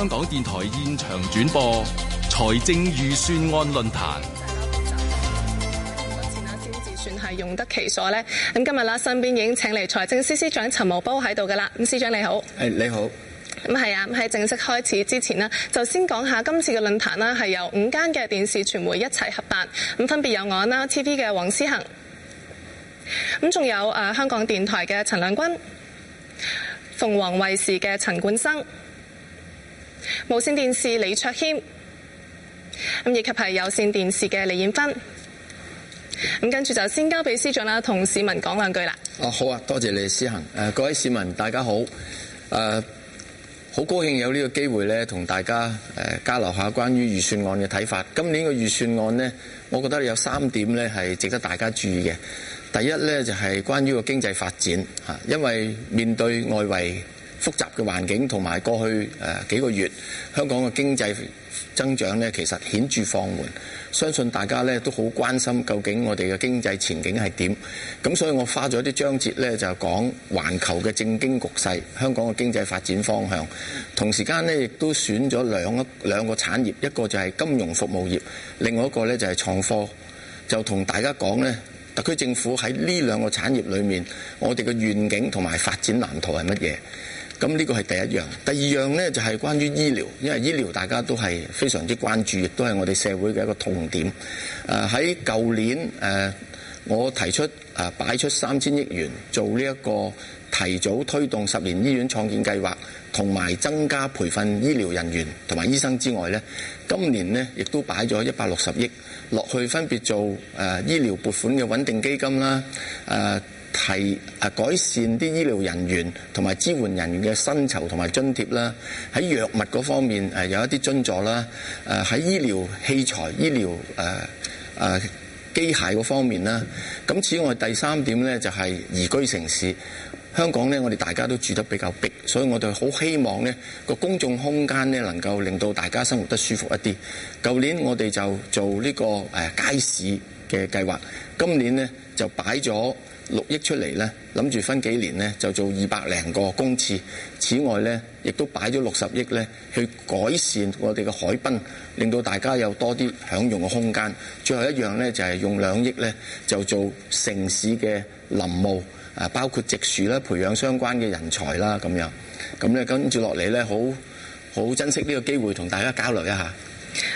香港電台現場轉播財政預算案論壇。先至算係用得其所呢，咁今日啦，身邊已經請嚟財政司司長陳茂波喺度噶啦。咁司長你好，誒你好。咁係啊，喺正式開始之前呢，就先講下今次嘅論壇啦，係由五間嘅電視傳媒一齊合辦。咁分別有我啦，NowTV 嘅黃思恆。咁仲有誒，香港電台嘅陳亮君，鳳凰衛視嘅陳冠生。無線電視李卓謙，咁以及係有線電視嘅李燕芬，咁跟住就先交俾司長啦，同市民講兩句啦。哦，好啊，多謝你，司恒。誒、呃，各位市民大家好，誒、呃，好高興有這個機呢個機會呢，同大家誒交流下關於預算案嘅睇法。今年嘅預算案呢，我覺得有三點呢係值得大家注意嘅。第一呢，就係、是、關於個經濟發展，吓，因為面對外圍。複雜嘅環境同埋過去、呃、幾個月香港嘅經濟增長咧，其實顯著放緩。相信大家咧都好關心究竟我哋嘅經濟前景係點。咁所以我花咗啲章節咧就係講環球嘅正經局勢，香港嘅經濟發展方向。同時間呢，亦都選咗兩一兩個產業，一個就係金融服務業，另外一個咧就係創科。就同、是、大家講咧，特區政府喺呢兩個產業裏面，我哋嘅願景同埋發展藍圖係乜嘢？咁呢個係第一樣，第二樣呢，就係、是、關於醫療，因為醫療大家都係非常之關注，亦都係我哋社會嘅一個痛點。誒喺舊年誒、呃，我提出誒、呃、擺出三千億元做呢一個提早推動十年醫院創建計劃，同埋增加培訓醫療人員同埋醫生之外呢，今年呢亦都擺咗一百六十億落去，分別做誒、呃、醫療撥款嘅穩定基金啦，誒、呃。提啊改善啲醫療人員同埋支援人員嘅薪酬同埋津貼啦，喺藥物嗰方面誒有一啲津助啦，誒喺醫療器材、醫療誒誒機械嗰方面啦。咁此外第三點呢就係宜居城市。香港呢，我哋大家都住得比較逼，所以我哋好希望呢個公眾空間呢能夠令到大家生活得舒服一啲。舊年我哋就做呢個誒街市嘅計劃，今年呢就擺咗六億出嚟呢，諗住分幾年呢，就做二百零個公廁。此外呢，亦都擺咗六十億呢，去改善我哋嘅海濱，令到大家有多啲享用嘅空間。最後一樣呢，就係用兩億呢，就做城市嘅林務啊，包括植樹啦、培養相關嘅人才啦咁樣。咁呢，跟住落嚟呢，好好珍惜呢個機會，同大家交流一下。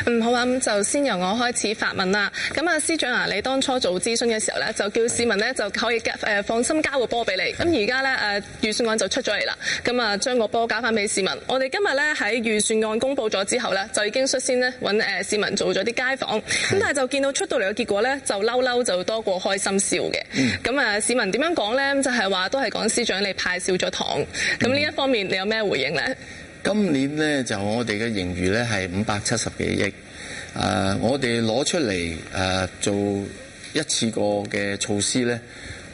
嗯好啊，咁就先由我開始發問啦。咁啊，司長啊，你當初做諮詢嘅時候咧，就叫市民咧就可以誒、呃、放心交個波俾你。咁而家咧誒預算案就出咗嚟啦。咁、嗯、啊，將個波交翻俾市民。我哋今日咧喺預算案公布咗之後咧，就已經率先咧揾誒市民做咗啲街訪。咁但係就見到出到嚟嘅結果咧，就嬲嬲就多過開心笑嘅。咁、嗯、啊，市民點樣講咧？就係、是、話都係講司長你派少咗糖。咁呢一方面你有咩回應咧？今年呢，就我哋嘅盈餘呢，係五百七十幾億，誒、呃，我哋攞出嚟誒、呃，做一次過嘅措施呢。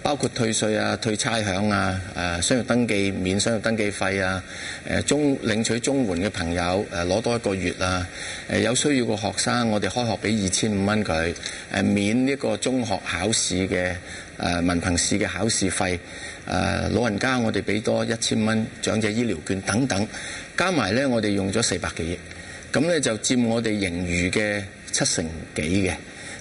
包括退稅啊、退差餉啊、誒、呃、商業登記免商業登記費啊、誒、呃、中領取綜援嘅朋友誒攞、呃、多一個月啊、誒、呃、有需要嘅學生我哋開學俾二千五蚊佢、誒免呢個中學考試嘅誒、呃、文憑試嘅考試費、誒、呃、老人家我哋俾多一千蚊長者醫療券等等，加埋呢，我哋用咗四百幾億，咁呢，就佔我哋盈餘嘅七成幾嘅。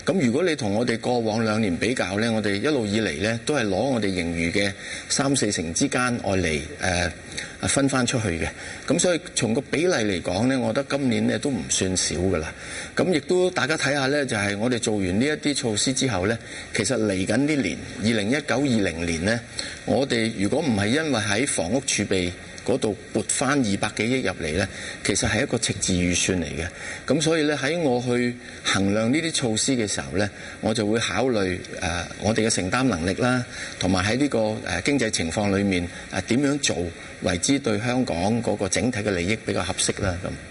咁如果你同我哋過往兩年比較呢，我哋一路以嚟呢都係攞我哋盈餘嘅三四成之間外嚟誒分翻出去嘅。咁所以從個比例嚟講呢，我覺得今年呢都唔算少噶啦。咁亦都大家睇下呢，就係我哋做完呢一啲措施之後呢，其實嚟緊呢年二零一九二零年呢，我哋如果唔係因為喺房屋儲備，嗰度撥翻二百幾億入嚟呢，其實係一個赤字預算嚟嘅，咁所以呢，喺我去衡量呢啲措施嘅時候呢，我就會考慮誒、呃、我哋嘅承擔能力啦，同埋喺呢個誒、呃、經濟情況裏面誒點、呃、樣做，為之對香港嗰個整體嘅利益比較合適啦咁。嗯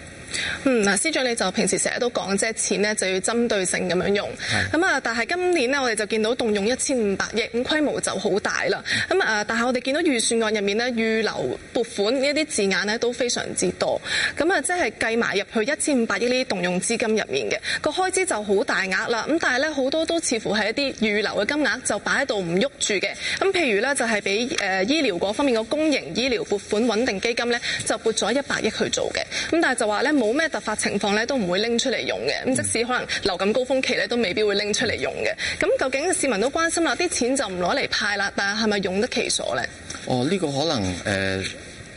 嗯，嗱，司長你就平時成日都講即係，錢呢就要針對性咁樣用。咁啊、嗯，但係今年呢，我哋就見到動用一千五百億，咁規模就好大啦。咁、嗯、啊、嗯，但係我哋見到預算案入面呢，預留撥款呢啲字眼呢都非常之多。咁、嗯、啊，即係計埋入去一千五百億呢啲動用資金入面嘅個開支就好大額啦。咁、嗯、但係呢，好多都似乎係一啲預留嘅金額就放在這裡不動著的，就擺喺度唔喐住嘅。咁譬如呢，就係俾誒醫療嗰方面個公營醫療撥款穩定基金呢，就撥咗一百億去做嘅。咁、嗯、但係就話呢。冇咩突發情況咧，都唔會拎出嚟用嘅。咁即使可能流感高峰期咧，都未必會拎出嚟用嘅。咁究竟市民都關心啦，啲錢就唔攞嚟派啦，但係咪用得其所咧？哦，呢、這個可能、呃、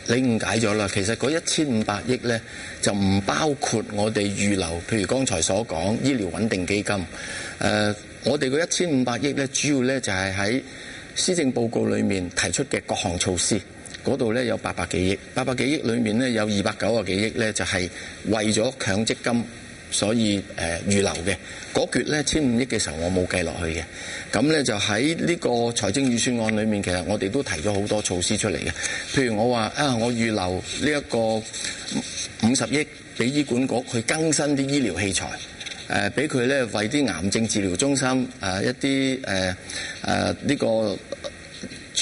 你誤解咗啦。其實嗰一千五百億咧，就唔包括我哋預留，譬如剛才所講醫療穩定基金。呃、我哋嗰一千五百億咧，主要咧就係、是、喺施政報告裏面提出嘅各項措施。嗰度咧有八百幾億，八百幾億裏面咧有二百九十幾億咧就係為咗強積金，所以誒預留嘅嗰橛咧千五億嘅時候我冇計落去嘅。咁咧就喺呢個財政預算案裏面，其實我哋都提咗好多措施出嚟嘅。譬如我話啊，我預留呢一個五十億俾醫管局去更新啲醫療器材，誒俾佢咧為啲癌症治療中心誒、呃、一啲誒誒呢個。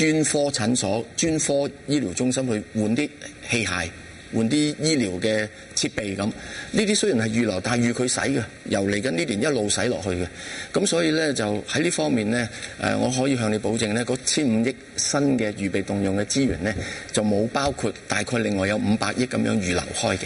專科診所、專科醫療中心去換啲器械、換啲醫療嘅設備咁，呢啲雖然係預留，但係預佢使嘅，由嚟緊呢年一路使落去嘅。咁所以呢，就喺呢方面呢，誒、呃、我可以向你保證呢，嗰千五億新嘅預備動用嘅資源呢，就冇包括大概另外有五百億咁樣預留開嘅。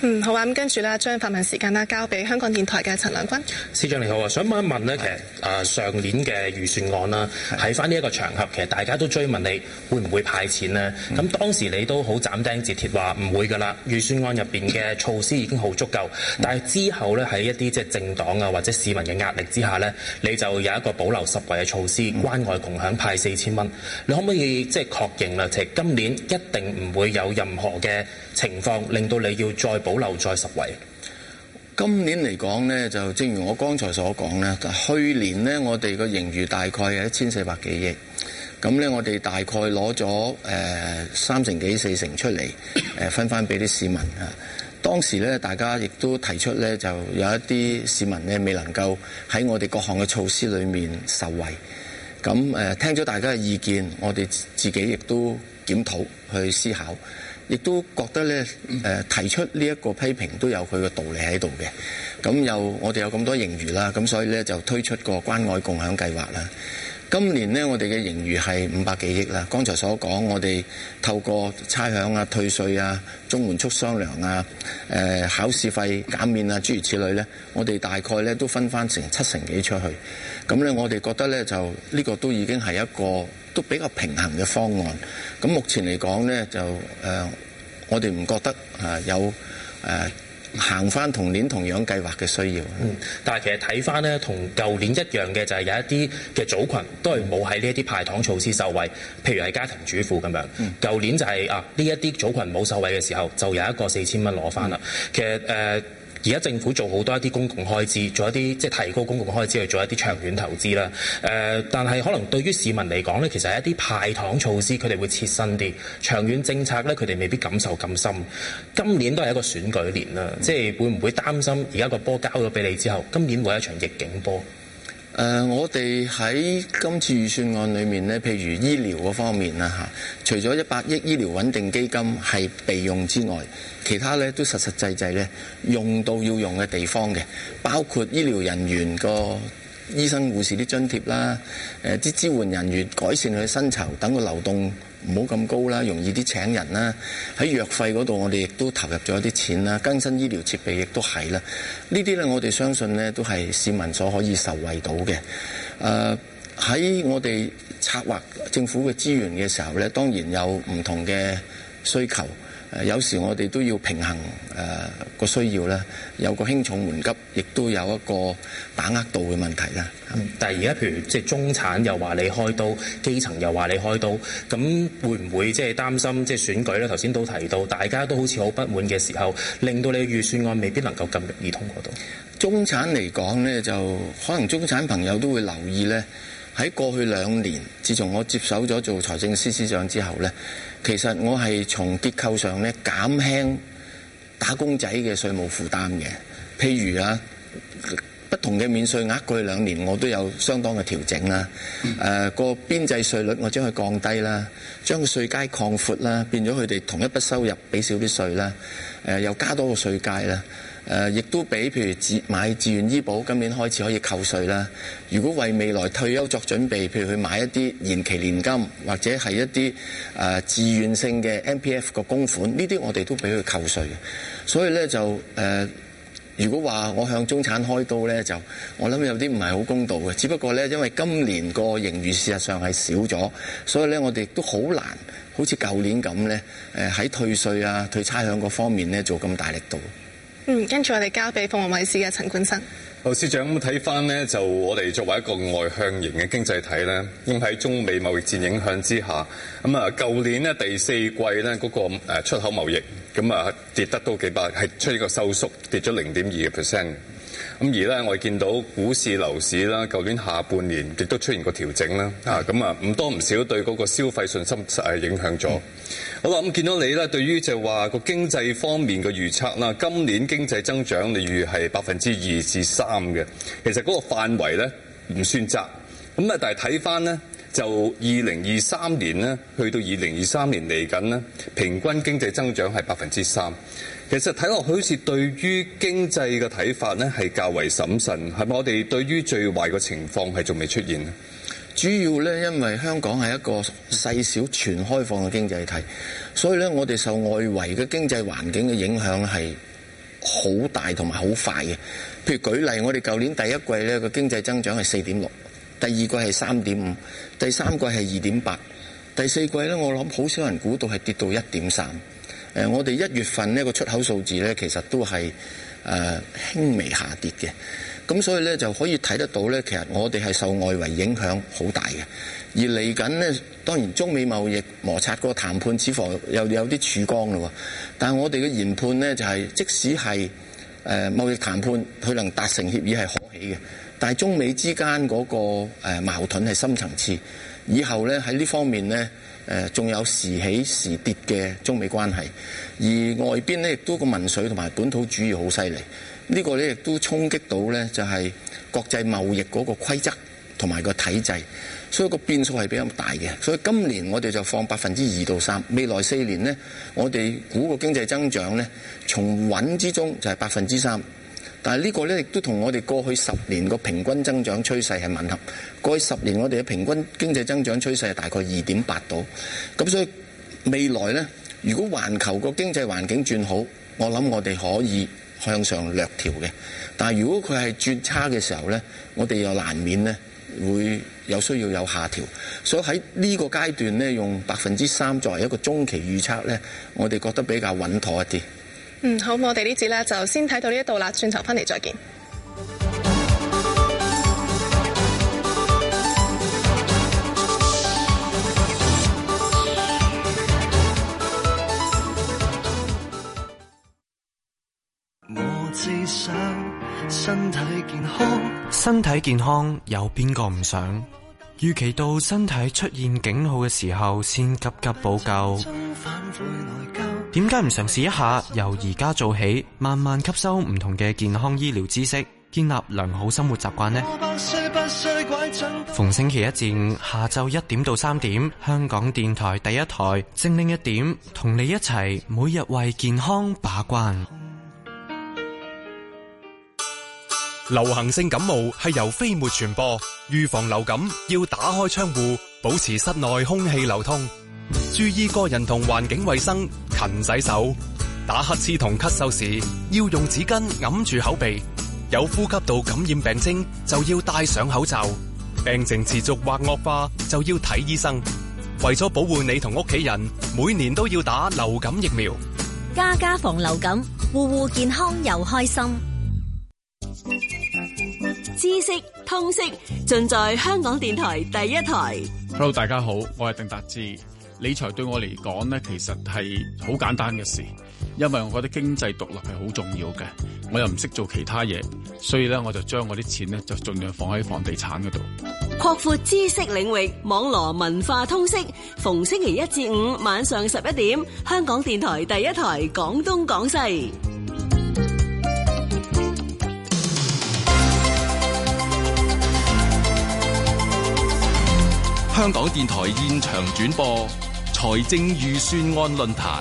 嗯，好啊，咁跟住啦，將發問時間啦交俾香港電台嘅陳良君。司長你好啊，想問一問咧，其實、呃、上年嘅預算案啦，喺翻呢一個場合，其實大家都追問你會唔會派錢咧？咁當時你都好斬釘截鐵話唔會噶啦，預算案入面嘅措施已經好足夠。但係之後咧，喺一啲即係政黨啊或者市民嘅壓力之下咧，你就有一個保留十位嘅措施，關愛共享派四千蚊。你可唔可以即係確認啦？其實今年一定唔會有任何嘅？情況令到你要再保留再實惠。今年嚟講呢，就正如我剛才所講呢，去年呢，我哋個盈餘大概係一千四百幾億，咁呢我哋大概攞咗誒三成幾四成出嚟、呃，分翻俾啲市民啊。當時呢，大家亦都提出呢，就有一啲市民呢，未能夠喺我哋各項嘅措施裏面受惠。咁誒、呃、聽咗大家嘅意見，我哋自己亦都檢討去思考。亦都覺得咧、呃，提出呢一個批評都有佢嘅道理喺度嘅。咁有我哋有咁多盈餘啦，咁所以咧就推出個關愛共享計劃啦。今年呢，我哋嘅盈餘係五百幾億啦。剛才所講，我哋透過差餉啊、退稅啊、綜援出雙糧啊、呃、考試費減免啊諸如此類咧，我哋大概咧都分翻成七成幾出去。咁咧我哋覺得咧就呢、呢個都已經係一個都比較平衡嘅方案。咁目前嚟講呢，就誒、呃，我哋唔覺得誒有誒行翻同年同樣計劃嘅需要。嗯。但係其實睇翻呢，同舊年一樣嘅就係、是、有一啲嘅組群都係冇喺呢一啲派糖措施受惠，譬如係家庭主婦咁樣。嗯。舊年就係、是、啊，呢一啲組群冇受惠嘅時候，就有一個四千蚊攞翻啦。其實誒。呃而家政府做好多一啲公共開支，做一啲即係提高公共開支去做一啲長遠投資啦。誒、呃，但係可能對於市民嚟講咧，其實一啲派糖措施佢哋會切身啲，長遠政策咧佢哋未必感受咁深。今年都係一個選舉年啦、嗯，即係會唔會擔心而家個波交咗俾你之後，今年會有一場逆境波？誒、呃，我哋喺今次預算案裏面呢，譬如醫療方面啦嚇，除咗一百億醫療穩定基金係備用之外，其他呢都實實際際呢用到要用嘅地方嘅，包括醫療人員個醫生護、護士啲津貼啦，誒啲支援人員改善佢薪酬等個流動。唔好咁高啦，容易啲請人啦。喺藥費嗰度，我哋亦都投入咗一啲錢啦，更新醫療設備亦都係啦。呢啲呢，我哋相信呢都係市民所可以受惠到嘅。誒，喺我哋策劃政府嘅資源嘅時候呢，當然有唔同嘅需求。誒，有時我哋都要平衡，誒個需要呢，有個輕重緩急，亦都有一個把握度嘅問題啦。但係而家譬如即係中產又話你開刀，基層又話你開刀，咁會唔會即係擔心即係選舉咧？頭先都提到大家都好似好不滿嘅時候，令到你嘅預算案未必能夠咁容易通過到。中產嚟講呢，就可能中產朋友都會留意呢。喺過去兩年，自從我接手咗做財政司司長之後呢。其實我係從結構上咧減輕打工仔嘅稅務負擔嘅，譬如啊，不同嘅免稅額過去兩年我都有相當嘅調整啦，誒個邊際稅率我將佢降低啦，將個稅階擴闊啦，變咗佢哋同一筆收入俾少啲稅啦，呃，又加多個稅階啦。誒、呃，亦都俾譬如買自願醫保，今年開始可以扣稅啦。如果為未來退休作準備，譬如去買一啲延期年金，或者係一啲誒、呃、自願性嘅 M P F 個供款，呢啲我哋都俾佢扣稅嘅。所以咧就誒、呃，如果話我向中產開刀咧，就我諗有啲唔係好公道嘅。只不過咧，因為今年個盈餘事實上係少咗，所以咧我哋都好難，好似舊年咁咧，誒喺退稅啊、退差餉嗰方面咧做咁大力度。嗯，跟住我哋交俾鳳凰衛視嘅陳冠生。老司長，咁睇翻咧，就我哋作為一個外向型嘅經濟體咧，咁喺中美貿易戰影響之下，咁啊，舊年咧第四季咧嗰個誒出口貿易，咁啊跌得多幾百，係出呢個收縮，跌咗零點二嘅 percent。咁而咧，我哋見到股市、樓市啦，舊年下半年亦都出現過調整啦，咁啊唔多唔少對嗰個消費信心係影響咗，嗯。好啦，咁見到你咧，對於就話個經濟方面嘅預測啦，今年經濟增長例如係百分之二至三嘅，其實嗰個範圍咧唔算窄。咁啊，但係睇翻咧。就二零二三年呢，去到二零二三年嚟緊呢，平均經濟增長係百分之三。其實睇落好似對於經濟嘅睇法呢，係較為審慎，係咪我哋對於最壞嘅情況係仲未出現呢？主要呢，因為香港係一個細小全開放嘅經濟體，所以呢，我哋受外圍嘅經濟環境嘅影響係好大同埋好快嘅。譬如舉例，我哋舊年第一季呢個經濟增長係四點六。第二季係三點五，第三季係二點八，第四季呢，我諗好少人估到係跌到一點三。呃，我哋一月份呢個出口數字呢，其實都係、呃、輕微下跌嘅，咁所以呢，就可以睇得到呢，其實我哋係受外圍影響好大嘅。而嚟緊呢，當然中美貿易摩擦個談判似乎又有啲曙光嘞。但係我哋嘅研判呢，就係、是，即使係、呃、貿易談判佢能達成協議係可喜嘅。但係中美之間嗰個矛盾係深層次，以後咧喺呢方面呢，誒仲有時起時跌嘅中美關係，而外邊呢，亦都個民粹同埋本土主義好犀利，呢個呢，亦都衝擊到呢，就係國際貿易嗰個規則同埋個體制，所以個變數係比較大嘅。所以今年我哋就放百分之二到三，未來四年呢，我哋估個經濟增長呢，從穩之中就係百分之三。但係呢個呢，亦都同我哋過去十年個平均增長趨勢係吻合。過去十年我哋嘅平均經濟增長趨勢係大概二點八度。咁所以未來呢，如果環球個經濟環境轉好，我諗我哋可以向上略調嘅。但係如果佢係轉差嘅時候呢，我哋又難免呢會有需要有下調。所以喺呢個階段呢，用百分之三作為一個中期預測呢，我哋覺得比較穩妥一啲。嗯，好，我哋呢節咧就先睇到呢一度啦，轉頭翻嚟再見。我只想身體健康，身體健康有邊個唔想？預期到身體出現警號嘅時候，先急急補救。點解唔嘗試一下由而家做起，慢慢吸收唔同嘅健康醫療知識，建立良好生活習慣呢？逢星期一至五下晝一點到三點，香港電台第一台精靈一點，同你一齊每日為健康把關。流行性感冒係由飛沫傳播，預防流感要打開窗戶，保持室內空氣流通。注意個人同環境衛生，勤洗手。打乞嗤同咳嗽時要用紙巾揞住口鼻。有呼吸道感染病徵就要戴上口罩。病情持續或惡化就要睇醫生。為咗保護你同屋企人，每年都要打流感疫苗。家家防流感，戶戶健康又開心。知識通識盡在香港電台第一台。Hello，大家好，我係鄧達志。理財對我嚟講咧，其實係好簡單嘅事，因為我覺得經濟獨立係好重要嘅，我又唔識做其他嘢，所以咧我就將我啲錢咧就盡量放喺房地產嗰度。擴闊知識領域，網羅文化通識。逢星期一至五晚上十一點，香港電台第一台，講東講西。香港電台現場轉播。財政預算案論壇，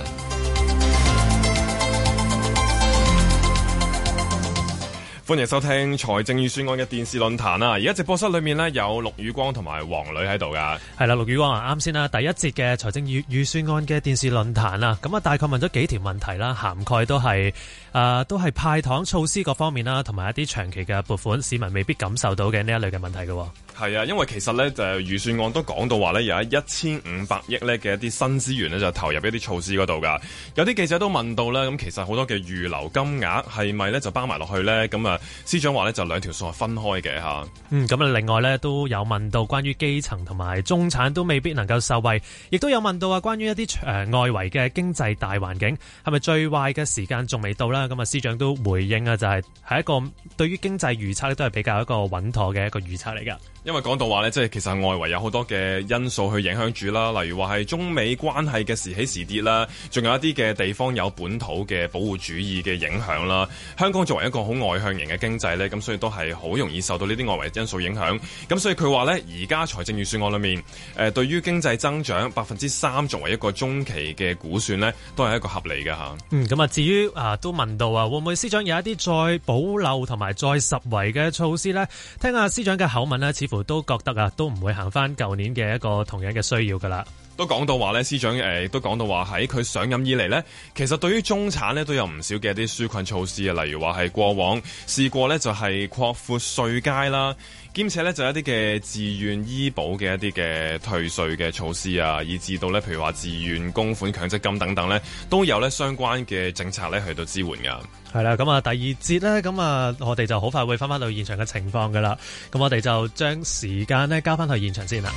歡迎收聽財政預算案嘅電視論壇啦！而家直播室裏面咧有陸宇光同埋黃磊喺度噶，係啦，陸宇光啊，啱先啦，第一節嘅財政預預算案嘅電視論壇啦，咁啊，大概問咗幾條問題啦，涵蓋都係誒、呃，都係派糖措施各方面啦，同埋一啲長期嘅撥款，市民未必感受到嘅呢一類嘅問題噶。係啊，因為其實咧就係預算案都講到話咧，有一千五百億咧嘅一啲新資源咧就投入一啲措施嗰度噶。有啲記者都問到呢，咁其實好多嘅預留金額係咪咧就包埋落去咧？咁啊，司長話咧就兩條數係分開嘅吓。嗯，咁啊，另外咧都有問到關於基層同埋中產都未必能夠受惠，亦都有問到啊關於一啲誒外圍嘅經濟大環境係咪最壞嘅時間仲未到啦？咁啊，司長都回應啊、就是，就係係一個對於經濟預測咧都係比較一個穩妥嘅一個預測嚟噶。因為講到話呢即係其實外圍有好多嘅因素去影響住啦，例如話係中美關係嘅時起時跌啦，仲有一啲嘅地方有本土嘅保護主義嘅影響啦。香港作為一個好外向型嘅經濟呢，咁所以都係好容易受到呢啲外圍因素影響。咁所以佢話呢，而家財政預算案裏面，誒對於經濟增長百分之三作為一個中期嘅估算呢，都係一個合理嘅嚇。嗯，咁啊，至於啊都問到啊，會唔會司長有一啲再保留同埋再實惠嘅措施呢？聽下司長嘅口吻呢似。都覺得啊，都唔會行翻舊年嘅一個同樣嘅需要噶啦。都講到話咧，司長誒都講到話喺佢上任以嚟呢，其實對於中產呢，都有唔少嘅一啲紓困措施啊，例如話係過往試過呢，就係、是、擴闊稅階啦。兼且咧就有一啲嘅自願醫保嘅一啲嘅退稅嘅措施啊，以至到咧，譬如話自願供款強積金等等咧，都有咧相關嘅政策咧去到支援噶。係啦，咁啊第二節咧，咁啊我哋就好快會翻翻到現場嘅情況噶啦。咁我哋就將時間咧交翻去現場先啦。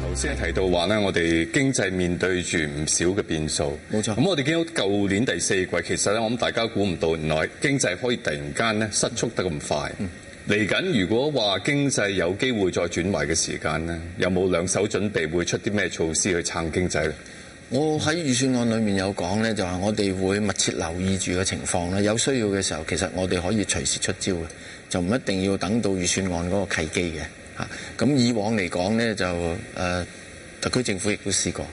頭先提到話咧，我哋經濟面對住唔少嘅變數，冇錯。咁我哋見到舊年第四季，其實咧我諗大家估唔到，原來經濟可以突然間咧失速得咁快。嚟緊，如果話經濟有機會再轉壞嘅時間呢，有冇兩手準備會出啲咩措施去撐經濟？我喺預算案裏面有講呢，就係我哋會密切留意住嘅情況咧。有需要嘅時候，其實我哋可以隨時出招嘅，就唔一定要等到預算案嗰個契機嘅。咁以往嚟講呢就、啊、特區政府亦都試過。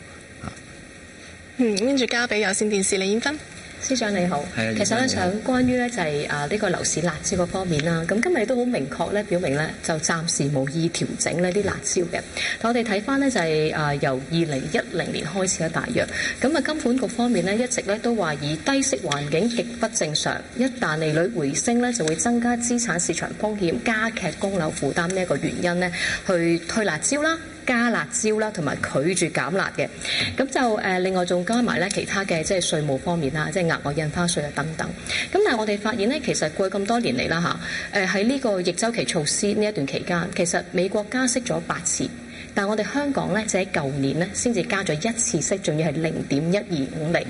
嗯，跟、啊、住交俾有線電視李燕芬。司長你好，其實咧想關於咧就係啊，呢個樓市辣椒個方面啦，咁今日都好明確咧表明咧就暫時無意調整呢啲辣椒嘅。但我哋睇返咧就係啊由二零一零年開始嘅大約咁啊，金管局方面咧一直咧都話以低息環境極不正常，一旦利率回升咧就會增加資產市場風險，加劇供樓負擔呢一個原因咧去推辣椒啦，加辣椒啦，同埋拒絕減辣嘅，咁就誒、呃、另外仲加埋咧其他嘅即係稅務方面啦、啊，即係額外印花稅啊等等。咁但係我哋發現咧，其實過去咁多年嚟啦嚇，誒喺呢個逆周期措施呢一段期間，其實美國加息咗八次。但我哋香港咧，就喺舊年咧，先至加咗一次息，仲要係零點一二五釐，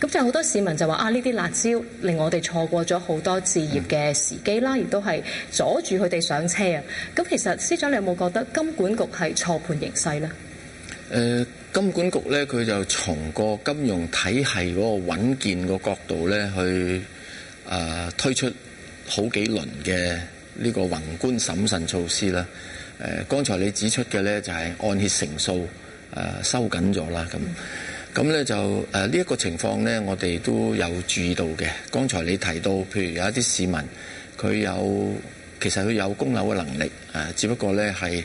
咁就好多市民就話啊，呢啲辣椒令我哋錯過咗好多置業嘅時機啦，亦、嗯、都係阻住佢哋上車啊！咁其實司長，你有冇覺得金管局係錯判形勢呢？呃、金管局咧，佢就從個金融體系嗰個穩健個角度咧，去、呃、推出好幾輪嘅呢個宏觀審慎措施啦。誒、呃，剛才你指出嘅呢，就係、是、按揭成數收緊咗啦，咁咁呢就誒呢一個情況呢，我哋都有注意到嘅。剛才你提到，譬如有一啲市民佢有其實佢有供樓嘅能力、呃，只不過呢，係誒、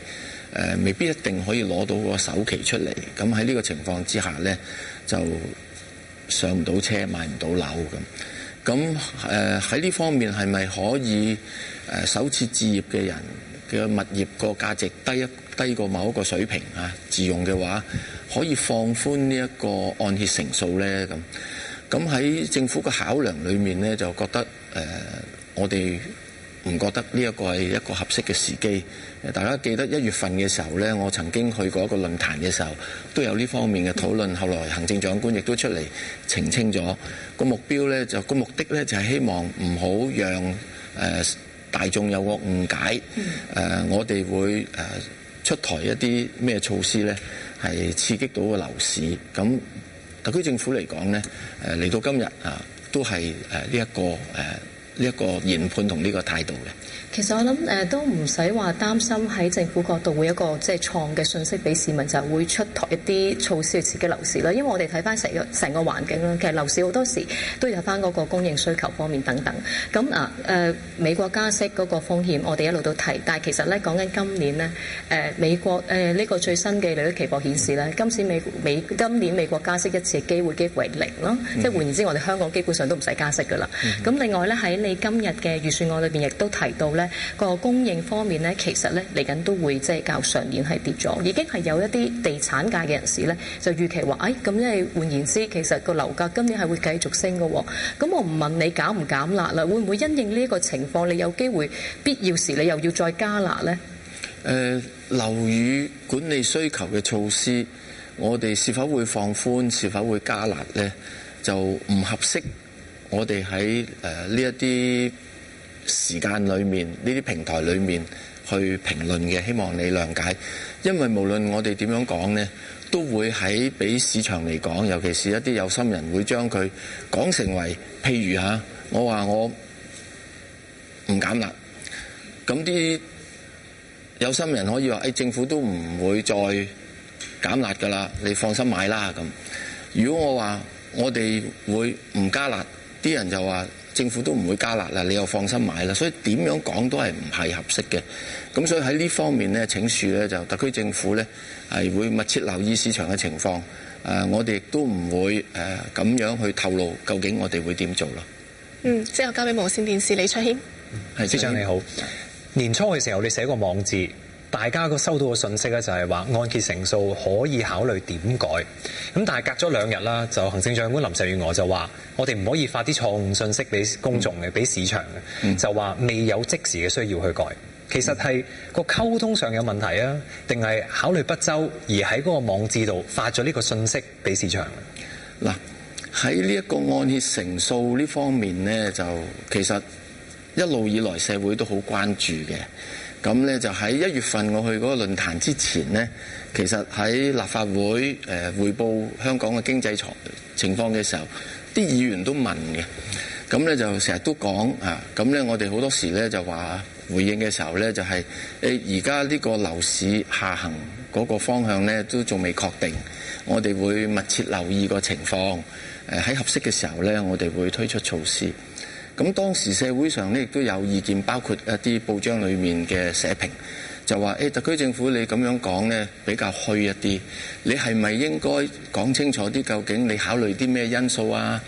呃、未必一定可以攞到個首期出嚟。咁喺呢個情況之下呢，就上唔到車，買唔到樓咁。咁誒喺呢方面係咪可以、呃、首次置業嘅人？嘅物業個價值低一低過某一個水平啊，自用嘅話可以放寬呢一個按揭成數呢咁。咁喺政府嘅考量裏面呢，就覺得誒、呃，我哋唔覺得呢一個係一個合適嘅時機、呃。大家記得一月份嘅時候呢，我曾經去過一個論壇嘅時候，都有呢方面嘅討論。後來行政長官亦都出嚟澄清咗、個目標呢，就、個目的呢，就係、是、希望唔好讓誒。呃大眾有個誤解，誒，我哋會誒出台一啲咩措施咧，係刺激到個樓市。咁特區政府嚟講咧，誒嚟到今日啊，都係呢一個誒。呢、這、一個研判同呢個態度嘅，其實我諗誒、呃、都唔使話擔心喺政府角度會一個即係創嘅信息俾市民，就係會出台一啲措施刺激樓市啦。因為我哋睇翻成個成個環境啦，其實樓市好多時候都有翻嗰個供應需求方面等等。咁啊誒美國加息嗰個風險，我哋一路都提，但係其實咧講緊今年呢誒、呃、美國誒呢、呃這個最新嘅利率期貨顯示咧、嗯，今次美美今年美國加息一次嘅機會幾乎為零啦，即係換言之，我、嗯、哋香港基本上都唔使加息噶啦。咁、嗯、另外咧喺你今日嘅預算案裏邊亦都提到呢個供應方面呢，其實呢嚟緊都會即係較上年係跌咗，已經係有一啲地產界嘅人士呢，就預期話，誒咁即係換言之，其實個樓價今年係會繼續升嘅喎。咁我唔問你減唔減辣啦，會唔會因應呢個情況，你有機會必要時你又要再加辣呢？呃，誒，樓宇管理需求嘅措施，我哋是否會放寬，是否會加辣呢？就唔合適。我哋喺誒呢一啲時間裏面，呢啲平台裏面去評論嘅，希望你諒解。因為無論我哋點樣講呢，都會喺俾市場嚟講，尤其是一啲有心人會將佢講成為，譬如下我話我唔減辣，咁啲有心人可以話誒、哎、政府都唔會再減辣噶啦，你放心買啦咁。如果我話我哋會唔加辣，啲人就話政府都唔會加辣啦，你又放心買啦。所以點樣講都係唔係合適嘅。咁所以喺呢方面咧，請恕咧，就特區政府咧係會密切留意市場嘅情況。誒，我哋亦都唔會誒咁樣去透露究竟我哋會點做咯。嗯，之後交俾無線電視李卓軒。係，司長你好。年初嘅時候，你寫個網誌。大家個收到嘅信息咧，就係話按揭成數可以考慮點改。咁但係隔咗兩日啦，就行政長官林鄭月娥就話：我哋唔可以發啲錯誤信息俾公眾嘅，俾、嗯、市場嘅、嗯，就話未有即時嘅需要去改。其實係個、嗯、溝通上有問題啊，定係考慮不周而喺嗰個網誌度發咗呢個信息俾市場。嗱，喺呢一個按揭成數呢方面呢，就其實一路以來社會都好關注嘅。咁咧就喺一月份我去嗰個論壇之前呢，其實喺立法會誒匯報香港嘅經濟情況嘅時候，啲議員都問嘅。咁咧就成日都講啊，咁咧我哋好多時咧就話回應嘅時候咧就係誒而家呢個樓市下行嗰個方向咧都仲未確定，我哋會密切留意個情況，誒喺合適嘅時候咧我哋會推出措施。咁當時社會上呢，亦都有意見，包括一啲報章裏面嘅社評，就話、哎、特區政府你咁樣講呢，比較虛一啲，你係咪應該講清楚啲？究竟你考慮啲咩因素啊？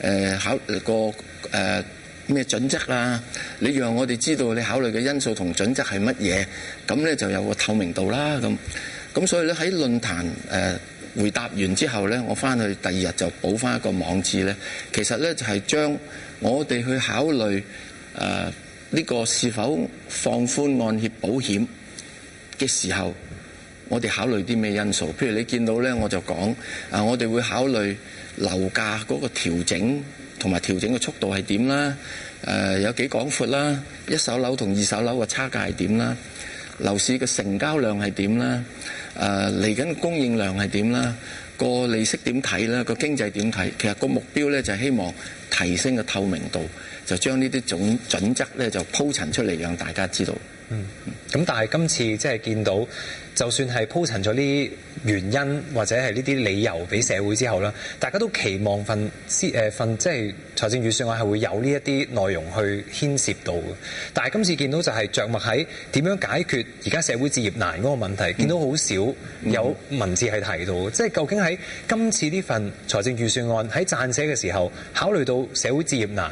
誒、呃、考個誒咩、呃、準則啦、啊？你讓我哋知道你考慮嘅因素同準則係乜嘢？咁呢，就有個透明度啦。咁咁所以呢，喺論壇誒回答完之後呢，我翻去第二日就補翻一個網誌呢。其實呢，就係將。我哋去考慮誒呢個是否放寬按揭保險嘅時候，我哋考慮啲咩因素？譬如你見到呢，我就講啊、呃，我哋會考慮樓價嗰個調整同埋調整嘅速度係點啦，誒有幾廣闊啦，一手樓同二手樓嘅差價係點啦，樓市嘅成交量係點啦，誒嚟緊供應量係點啦。個利息點睇咧？個經濟點睇？其實個目標咧就係希望提升個透明度，就將呢啲種準則咧就鋪陳出嚟，讓大家知道。嗯，咁但係今次即係見到。就算係鋪陳咗啲原因或者係呢啲理由俾社會之後啦、嗯，大家都期望份份即係財政預算案係會有呢一啲內容去牽涉到嘅。但係今次見到就係著墨喺點樣解決而家社會置業難嗰個問題，嗯、見到好少有文字係提到嘅、嗯、即係究竟喺今次呢份財政預算案喺撰寫嘅時候，考慮到社會置業難。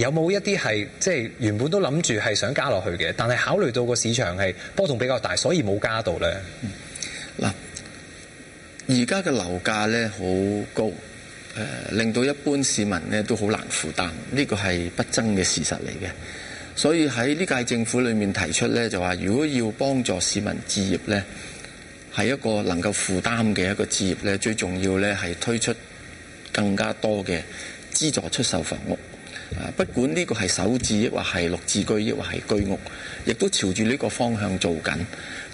有冇一啲係即係原本都諗住係想加落去嘅，但係考慮到個市場係波動比較大，所以冇加到咧。嗱、嗯，而家嘅樓價咧好高、呃，令到一般市民咧都好難負擔，呢個係不爭嘅事實嚟嘅。所以喺呢屆政府裏面提出咧，就話如果要幫助市民置業咧，係一個能夠負擔嘅一個置業咧，最重要咧，係推出更加多嘅資助出售房屋。啊，不管呢個係首置，亦或係綠置居，亦或係居屋，亦都朝住呢個方向做緊。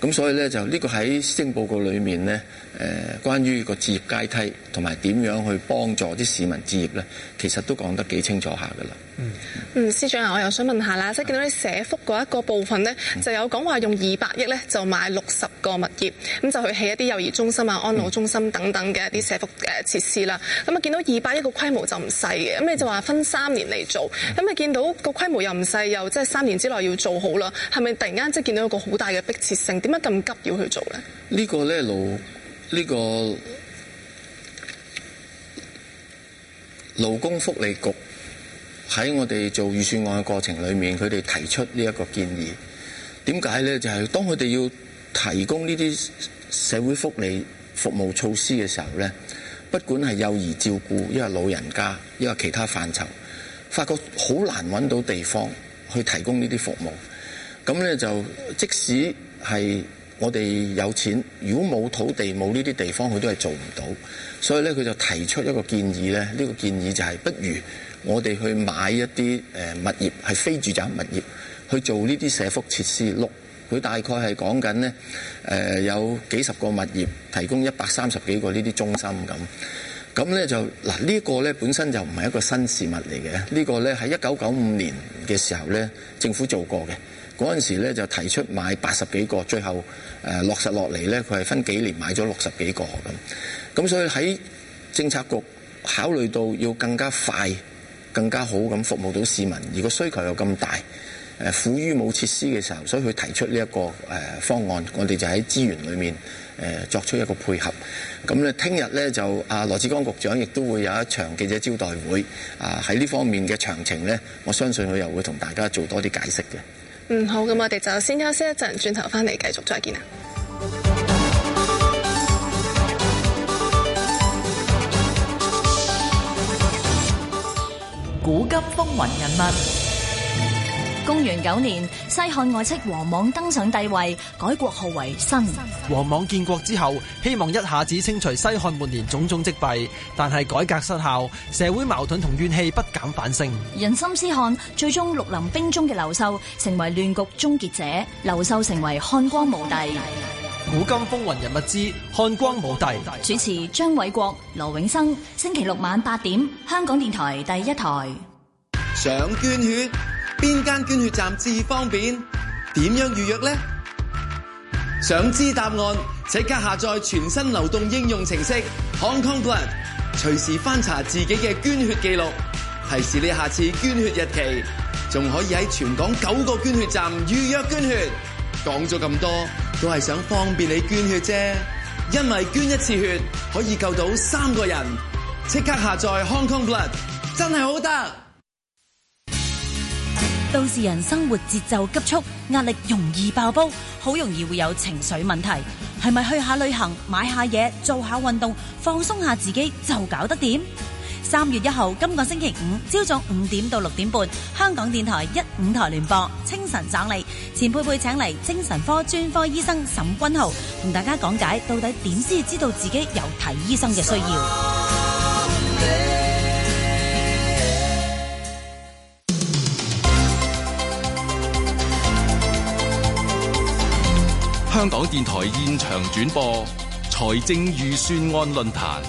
咁所以咧，就、這、呢個喺施政報告裏面咧。誒，關於個置業階梯同埋點樣去幫助啲市民置業呢，其實都講得幾清楚下㗎啦。嗯，嗯，司長，我又想問下啦，即係見到你社福嗰一個部分呢、嗯，就有講話用二百億呢就買六十個物業，咁、嗯、就去起一啲幼兒中心啊、安老中心等等嘅一啲社福嘅設施啦。咁、嗯、啊，見到二百億個規模就唔細嘅，咁、嗯、你就話分三年嚟做，咁、嗯、啊見到個規模又唔細，又即係三年之內要做好啦，係咪突然間即係見到一個好大嘅迫切性？點解咁急要去做呢？呢、呢個呢老。呢個勞工福利局喺我哋做預算案嘅過程裏面，佢哋提出呢一個建議。點解呢？就係當佢哋要提供呢啲社會福利服務措施嘅時候呢，不管係幼兒照顧，抑或老人家，抑或其他範疇，發覺好難揾到地方去提供呢啲服務。咁呢，就即使係，我哋有錢，如果冇土地冇呢啲地方，佢都係做唔到。所以咧，佢就提出一個建議咧。呢、這個建議就係，不如我哋去買一啲誒物業，係非住宅物業，去做呢啲社福設施。碌佢大概係講緊呢，誒、呃、有幾十個物業，提供一百三十幾個呢啲中心咁。咁咧就嗱呢、這個咧本身就唔係一個新事物嚟嘅。呢、這個咧喺一九九五年嘅時候咧，政府做過嘅。嗰陣時咧就提出買八十幾個，最後誒、呃、落實落嚟咧，佢係分幾年買咗六十幾個咁。咁所以喺政策局考慮到要更加快、更加好咁服務到市民，而個需求又咁大，誒、呃、苦於冇設施嘅時候，所以佢提出呢、這、一個、呃、方案，我哋就喺資源裏面誒、呃、作出一個配合。咁咧，聽日咧就阿、啊、羅致光局長亦都會有一場記者招待會，啊喺呢方面嘅詳情咧，我相信佢又會同大家做多啲解釋嘅。嗯，好，咁我哋就先休息一陣，轉頭返嚟繼續再見啦。古今風雲人物。公元九年，西漢外戚王莽登上帝位，改國號為新。王莽建國之後，希望一下子清除西漢末年種種積弊，但係改革失效，社會矛盾同怨氣不減反升。人心思漢，最終綠林兵中嘅劉秀成為亂局終結者，劉秀成為漢光武帝。古今風雲人物之漢光武帝，主持張偉國、羅永生，星期六晚八點，香港電台第一台。想捐血？邊間捐血站至方便？點樣預約呢？想知答案，即刻下載全新流動應用程式 Hong Kong Blood，隨時翻查自己嘅捐血記錄，提示你下次捐血日期，仲可以喺全港九個捐血站預約捐血。講咗咁多，都係想方便你捐血啫。因為捐一次血可以救到三個人，即刻下載 Hong Kong Blood，真係好得。都市人生活節奏急促，壓力容易爆煲，好容易會有情緒問題。係咪去下旅行，買下嘢，做下運動，放鬆下自己就搞得掂？三月一號，今個星期五朝早五點到六點半，香港電台一五台聯播《清晨省理》，錢佩佩請嚟精神科專科醫生沈君豪，同大家講解到底點先知道自己有睇醫生嘅需要。香港電台現場轉播財政預算案論壇，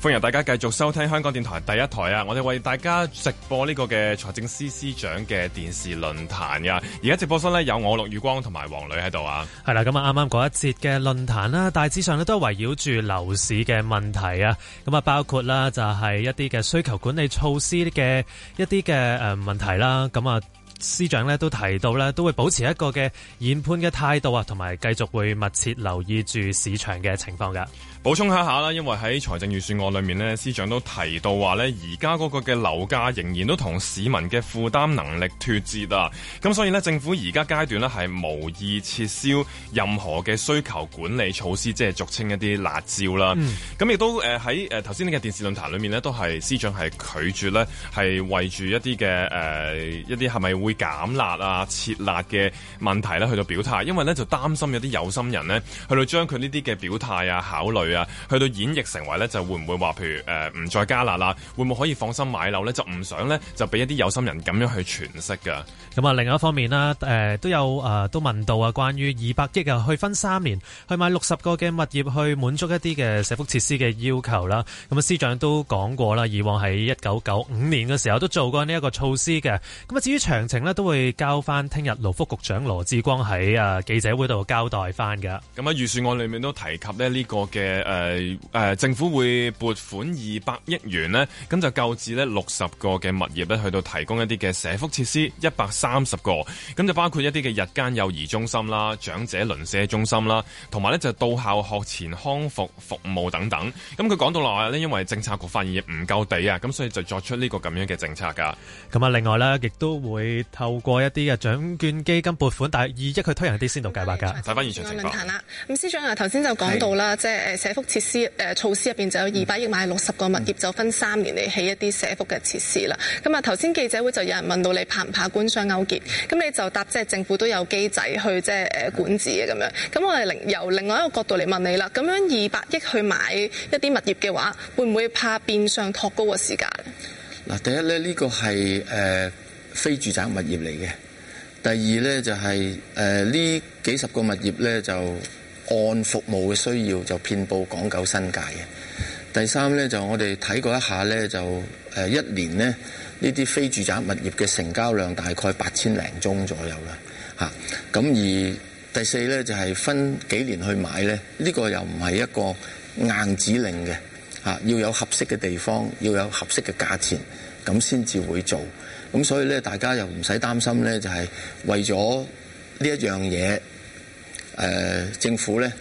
歡迎大家繼續收聽香港電台第一台啊！我哋為大家直播呢個嘅財政司司長嘅電視論壇噶。而家直播室呢，有我陸宇光同埋黃女喺度啊。係啦，咁啊，啱啱嗰一節嘅論壇啦，大致上都係圍繞住樓市嘅問題啊。咁啊，包括啦，就係一啲嘅需求管理措施嘅一啲嘅誒問題啦。咁啊。司長咧都提到咧，都會保持一個嘅研判嘅態度啊，同埋繼續會密切留意住市場嘅情況㗎。補充一下啦，因為喺財政預算案裏面咧，司長都提到話咧，而家嗰個嘅樓價仍然都同市民嘅負擔能力脫節啊。咁所以呢，政府而家階段呢，係無意撤銷任何嘅需求管理措施，即係俗稱一啲辣招啦。咁、嗯、亦都誒喺誒頭先呢個電視論壇裏面呢，都係司長係拒絕呢，係圍住一啲嘅誒一啲係咪會減辣啊、撤辣嘅問題呢去到表態，因為呢就擔心有啲有心人呢，去到將佢呢啲嘅表態啊考慮。去到演繹成為咧，就會唔會話，譬如誒唔、呃、再加拿辣啦，會唔會可以放心買樓呢？就唔想呢，就俾一啲有心人咁樣去詮釋噶。咁啊，另外一方面啦，誒、呃、都有誒、呃、都問到啊，關於二百億啊，去分三年去買六十個嘅物業，去滿足一啲嘅社福設施嘅要求啦。咁啊，司長都講過啦，以往喺一九九五年嘅時候都做過呢一個措施嘅。咁啊，至於詳情呢，都會交翻聽日勞福局長羅致光喺誒、啊、記者會度交代翻噶。咁、呃、啊，預算案裏面都提及呢呢、這個嘅。誒、呃、誒、呃，政府會撥款二百億元呢，咁就購置呢六十個嘅物業咧，去到提供一啲嘅社福設施一百三十個，咁就包括一啲嘅日間幼兒中心啦、長者輪舍中心啦，同埋呢就到校學前康復服，服務等等。咁佢講到落嚟呢，因為政策局發現唔夠地啊，咁所以就作出呢個咁樣嘅政策噶。咁啊，另外呢亦都會透過一啲嘅獎券基金撥款，但係二億去推行一啲先導計劃噶，睇翻現場情況啦。咁司長啊，頭先就講到啦，即係誒福設施，誒措施入邊就有二百億買六十個物業，就分三年嚟起一啲社福嘅設施啦。咁啊頭先記者會就有人問到你怕唔怕官商勾結，咁你就答即係政府都有機制去即係誒管治嘅咁樣。咁我係另由另外一個角度嚟問你啦。咁樣二百億去買一啲物業嘅話，會唔會怕變相托高個市價咧？嗱，第一咧呢個係誒非住宅物業嚟嘅。第二咧就係誒呢幾十個物業咧就，按服務嘅需要就遍佈港九新界嘅。第三呢，就我哋睇過一下呢，就誒一年呢呢啲非住宅物業嘅成交量大概八千零宗左右啦吓咁、啊、而第四呢，就係、是、分幾年去買呢，呢、這個又唔係一個硬指令嘅、啊、要有合適嘅地方，要有合適嘅價錢，咁先至會做。咁所以呢，大家又唔使擔心呢，就係、是、為咗呢一樣嘢。誒、呃、政府呢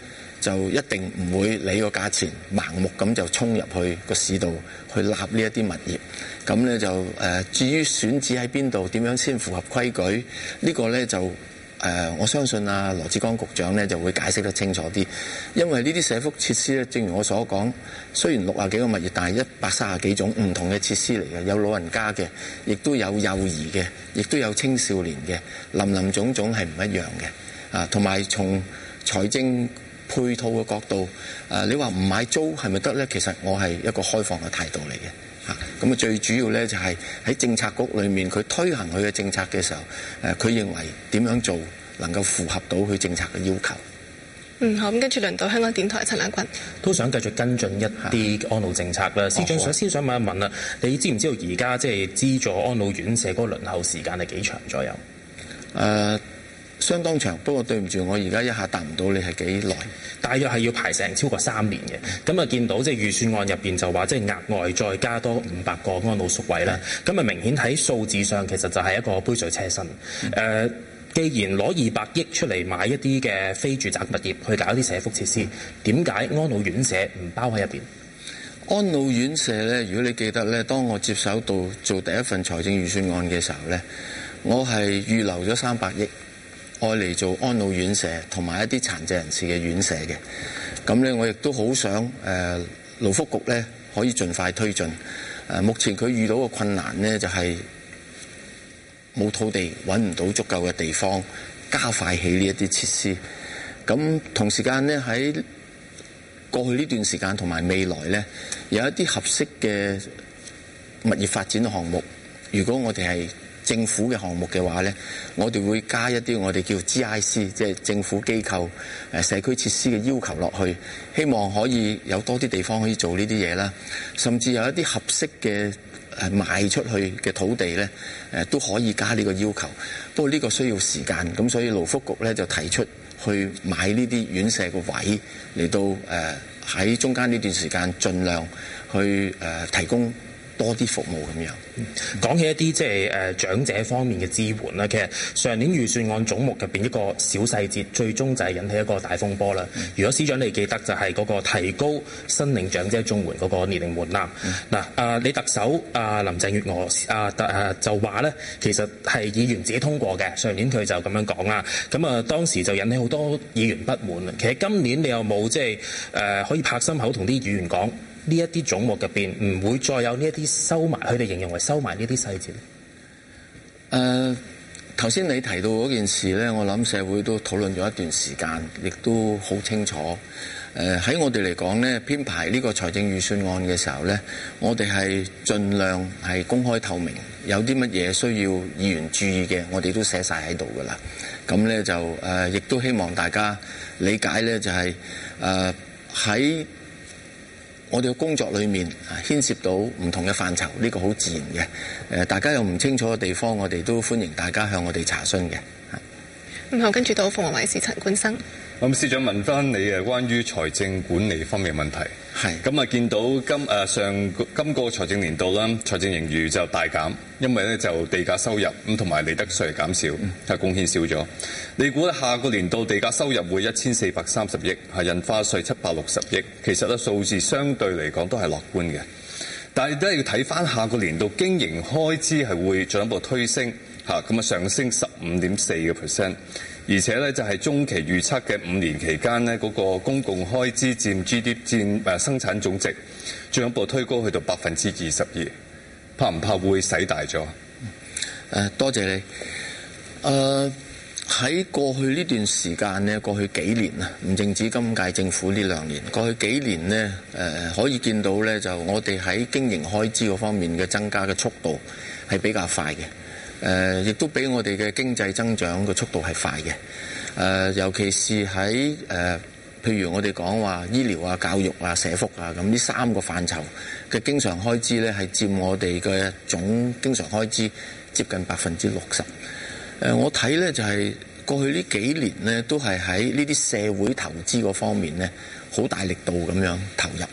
就一定唔會理個價錢盲目咁就衝入去個市度去立呢一啲物業，咁呢就誒、呃，至於選址喺邊度，點樣先符合規矩？呢、這個呢就誒、呃，我相信啊羅致光局長呢就會解釋得清楚啲。因為呢啲社福設施呢正如我所講，雖然六啊幾個物業，但係一百三十幾種唔同嘅設施嚟嘅，有老人家嘅，亦都有幼兒嘅，亦都有青少年嘅，林林總總係唔一樣嘅。啊，同埋從財政配套嘅角度，啊，你話唔買租係咪得呢？其實我係一個開放嘅態度嚟嘅。嚇、啊，咁啊，最主要呢，就係、是、喺政策局裏面，佢推行佢嘅政策嘅時候，誒、啊，佢認為點樣做能夠符合到佢政策嘅要求。嗯，好，咁跟住輪到香港電台陳蘭君。都想繼續跟進一啲安老政策啦。先想、哦、先想問一問啦，你知唔知道而家即係資助安老院舍嗰個輪候時間係幾長左右？誒、呃。相當長，不過對唔住，我而家一下答唔到你係幾耐，大約係要排成超過三年嘅。咁啊，見到即係預算案入面就話，即係額外再加多五百個安老宿位啦。咁啊，明顯喺數字上其實就係一個杯水車薪。嗯。呃，既然攞二百億出嚟買一啲嘅非住宅物業去搞啲社福設施，點解安老院舍唔包喺入面？安老院舍呢，如果你記得呢，當我接手到做第一份財政預算案嘅時候呢，我係預留咗三百億。我嚟做安老院舍同埋一啲殘疾人士嘅院舍嘅，咁咧我亦都好想誒、呃、勞福局咧可以盡快推進誒、呃、目前佢遇到嘅困難咧就係、是、冇土地，揾唔到足夠嘅地方加快起呢一啲設施。咁同時間咧喺過去呢段時間同埋未來咧有一啲合適嘅物業發展項目，如果我哋係。政府嘅項目嘅話呢，我哋會加一啲我哋叫 GIC，即係政府機構誒社區設施嘅要求落去，希望可以有多啲地方可以做呢啲嘢啦。甚至有一啲合適嘅誒賣出去嘅土地呢，都可以加呢個要求。不過呢個需要時間，咁所以勞福局呢就提出去買呢啲院舍嘅位嚟到誒喺中間呢段時間，盡量去誒提供。多啲服務咁樣。講起一啲即係誒長者方面嘅支援啦，其實上年預算案總目入邊一個小細節，最終就係引起一個大風波啦、嗯。如果司長你記得就係、是、嗰個提高新領長者綜援嗰個年齡門檻啦嗱、嗯啊呃、你特首啊、呃、林鄭月娥啊、呃呃、就話呢，其實係議員自己通過嘅。上年佢就咁樣講啦。咁啊當時就引起好多議員不滿。其實今年你又有冇即係誒可以拍心口同啲議員講？呢一啲總目入邊唔會再有呢一啲收埋，佢哋形容為收埋呢啲細節。誒、呃，頭先你提到嗰件事呢，我諗社會都討論咗一段時間，亦都好清楚。喺、呃、我哋嚟講呢，編排呢個財政預算案嘅時候呢，我哋係盡量係公開透明，有啲乜嘢需要議員注意嘅，我哋都寫晒喺度噶啦。咁呢就誒，亦、呃、都希望大家理解呢，就係誒喺。呃我哋嘅工作裏面啊，牽涉到唔同嘅範疇，呢個好自然嘅。大家有唔清楚嘅地方，我哋都歡迎大家向我哋查詢嘅。唔好跟住到鳳凰衛視陳冠生，咁司長問翻你誒關於財政管理方面嘅問題。係咁啊！見到今誒上今個財政年度啦，財政盈餘就大減，因為咧就地價收入咁同埋利得稅減少，係貢獻少咗。你估下個年度地價收入會一千四百三十億，係印花稅七百六十億。其實咧數字相對嚟講都係樂觀嘅，但係都係要睇翻下個年度經營開支係會進一步推升吓咁啊上升十五點四個 percent。而且咧就係中期預測嘅五年期間呢，嗰個公共開支佔 GDP 佔誒生產總值進一步推高去到百分之二十二，怕唔怕會使大咗？誒，多謝你。誒，喺過去呢段時間呢，過去幾年啊，唔淨止今屆政府呢兩年，過去幾年呢，誒，可以見到呢，就我哋喺經營開支嗰方面嘅增加嘅速度係比較快嘅。誒、呃，亦都比我哋嘅經濟增長嘅速度係快嘅。誒、呃，尤其是喺誒、呃，譬如我哋講話醫療啊、教育啊、社福啊，咁呢三個範疇嘅經常開支呢係佔我哋嘅總經常開支接近百分之六十。我睇呢就係、是、過去呢幾年呢，都係喺呢啲社會投資嗰方面呢，好大力度咁樣投入。誒、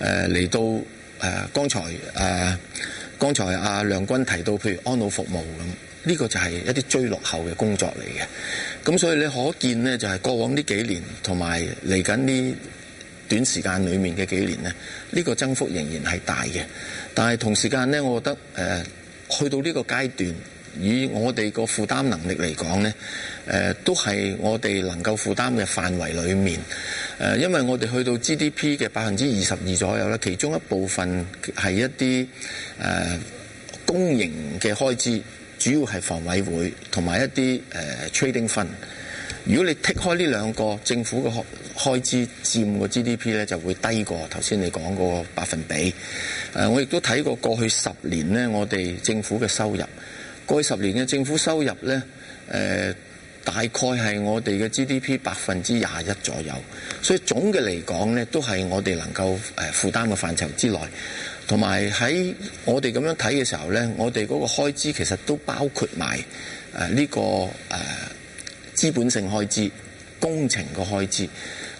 呃，嚟到誒，剛、呃、才誒。呃剛才阿梁君提到，譬如安老服務咁，呢個就係一啲最落後嘅工作嚟嘅。咁所以你可見呢，就係過往呢幾年同埋嚟緊呢短時間裡面嘅幾年呢，呢個增幅仍然係大嘅。但係同時間呢，我覺得誒，去到呢個階段。以我哋個負擔能力嚟講咧，誒、呃、都係我哋能夠負擔嘅範圍裏面。誒、呃，因為我哋去到 GDP 嘅百分之二十二左右啦，其中一部分係一啲誒、呃、公營嘅開支，主要係房委會同埋一啲誒、呃、trading fund。如果你剔開呢兩個政府嘅開支佔，佔個 GDP 咧就會低過頭先你講嗰個百分比。誒、呃，我亦都睇過過去十年咧，我哋政府嘅收入。過去十年嘅政府收入呢，呃、大概係我哋嘅 GDP 百分之廿一左右，所以總嘅嚟講呢都係我哋能夠誒負擔嘅範疇之內。同埋喺我哋咁樣睇嘅時候呢，我哋嗰個開支其實都包括埋誒呢個呃、資本性開支、工程嘅開支。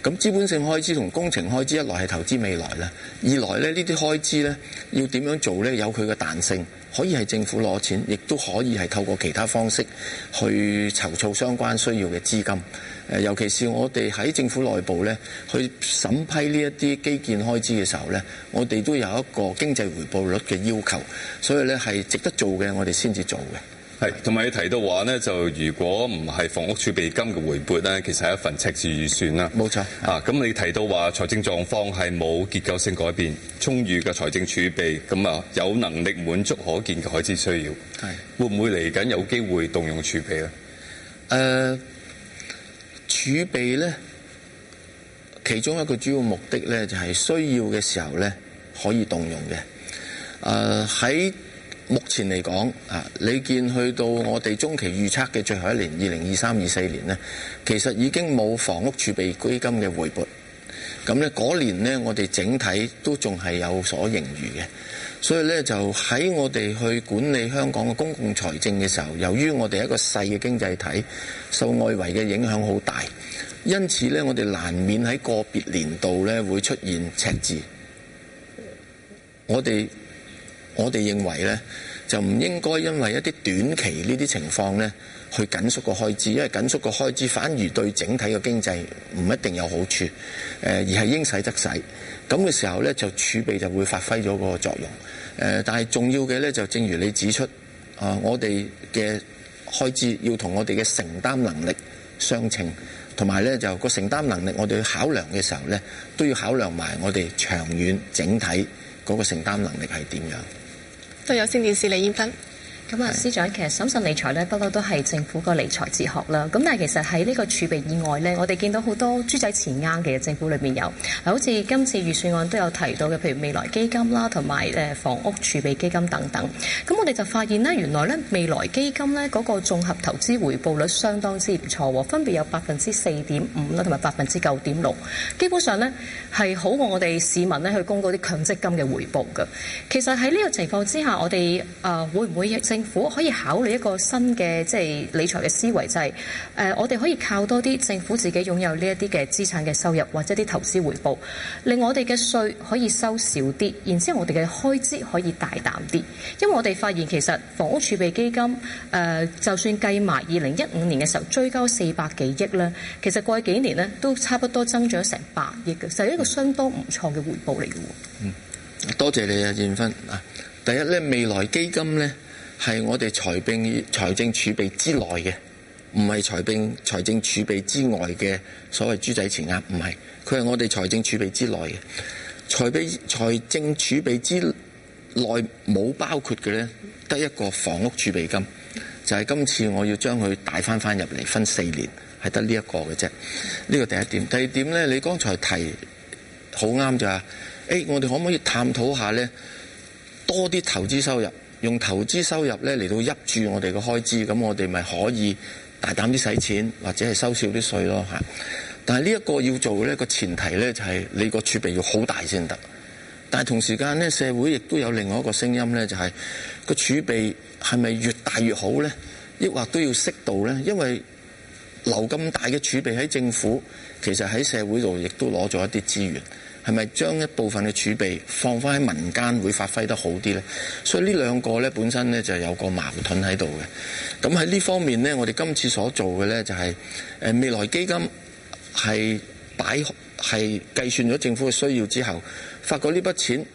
咁資本性開支同工程開支一來係投資未來啦，二來咧呢啲開支呢，要點樣做呢？有佢嘅彈性，可以係政府攞錢，亦都可以係透過其他方式去籌措相關需要嘅資金。呃，尤其是我哋喺政府內部呢，去審批呢一啲基建開支嘅時候呢，我哋都有一個經濟回報率嘅要求，所以呢係值得做嘅，我哋先至做嘅。同埋你提到話咧，就如果唔係房屋儲備金嘅回撥咧，其實係一份赤字預算啦。冇錯啊，咁你提到話財政狀況係冇結構性改變，充裕嘅財政儲備，咁啊有能力滿足可見嘅開支需要。係會唔會嚟緊有機會動用儲備咧？誒、呃、儲備咧，其中一個主要目的咧，就係、是、需要嘅時候咧，可以動用嘅。誒、呃、喺目前嚟講，啊，你見去到我哋中期預測嘅最後一年，二零二三、二四年呢，其實已經冇房屋儲備基金嘅回撥。咁呢，嗰年呢，我哋整體都仲係有所盈餘嘅。所以呢，就喺我哋去管理香港嘅公共財政嘅時候，由於我哋一個細嘅經濟體，受外圍嘅影響好大，因此呢，我哋難免喺個別年度呢會出現赤字。我哋我哋認為呢，就唔應該因為一啲短期呢啲情況呢，去緊縮個開支，因為緊縮個開支反而對整體嘅經濟唔一定有好處。呃、而係應使則使，咁嘅時候呢，就儲備就會發揮咗嗰個作用。呃、但係重要嘅呢，就正如你指出，啊、呃，我哋嘅開支要同我哋嘅承擔能力相稱，同埋呢，就個承擔能力，我哋去考量嘅時候呢，都要考量埋我哋長遠整體嗰個承擔能力係點樣。有線電視李艷芬。咁啊，司長，其實審慎理財咧，不嬲都係政府個理財哲學啦。咁但係其實喺呢個儲備以外咧，我哋見到好多豬仔錢啱嘅政府裏面有。嗱，好似今次預算案都有提到嘅，譬如未來基金啦，同埋誒房屋儲備基金等等。咁我哋就發現咧，原來咧未來基金咧嗰個綜合投資回報率相當之唔錯，喎，分別有百分之四點五啦，同埋百分之九點六。基本上咧係好過我哋市民咧去供嗰啲強積金嘅回報㗎。其實喺呢個情況之下，我哋誒、呃、會唔會亦政府可以考慮一個新嘅即係理財嘅思維，就係誒，我哋可以靠多啲政府自己擁有呢一啲嘅資產嘅收入或者啲投資回報，令我哋嘅稅可以收少啲，然之後我哋嘅開支可以大膽啲。因為我哋發現其實房屋儲備基金誒，就算計埋二零一五年嘅時候追交四百幾億咧，其實過去幾年呢都差不多增長成百億嘅，就係、是、一個相當唔錯嘅回報嚟嘅喎。嗯，多謝你啊，燕芬啊。第一咧，未來基金咧。係我哋財政財政儲備之內嘅，唔係財政財政儲備之外嘅所謂豬仔錢額，唔係佢係我哋財政儲備之內嘅。財備財政儲備之內冇包括嘅呢，得一個房屋儲備金，就係、是、今次我要將佢帶翻翻入嚟，分四年係得呢一個嘅啫。呢、這個第一點，第二點呢，你剛才提好啱就係，誒、哎、我哋可唔可以探討下呢？多啲投資收入？用投資收入咧嚟到挹注我哋嘅開支，咁我哋咪可以大膽啲使錢，或者係收少啲稅咯嚇。但係呢一個要做呢個前提呢，就係你個儲備要好大先得。但係同時間呢，社會亦都有另外一個聲音呢，就係，就係個儲備係咪越大越好呢？抑或都要適度呢？因為留咁大嘅儲備喺政府，其實喺社會度亦都攞咗一啲資源。係咪將一部分嘅儲備放翻喺民間會發揮得好啲呢？所以呢兩個呢本身呢就有個矛盾喺度嘅。咁喺呢方面呢，我哋今次所做嘅呢，就係，就係未來基金係擺係計算咗政府嘅需要之後，發覺呢筆錢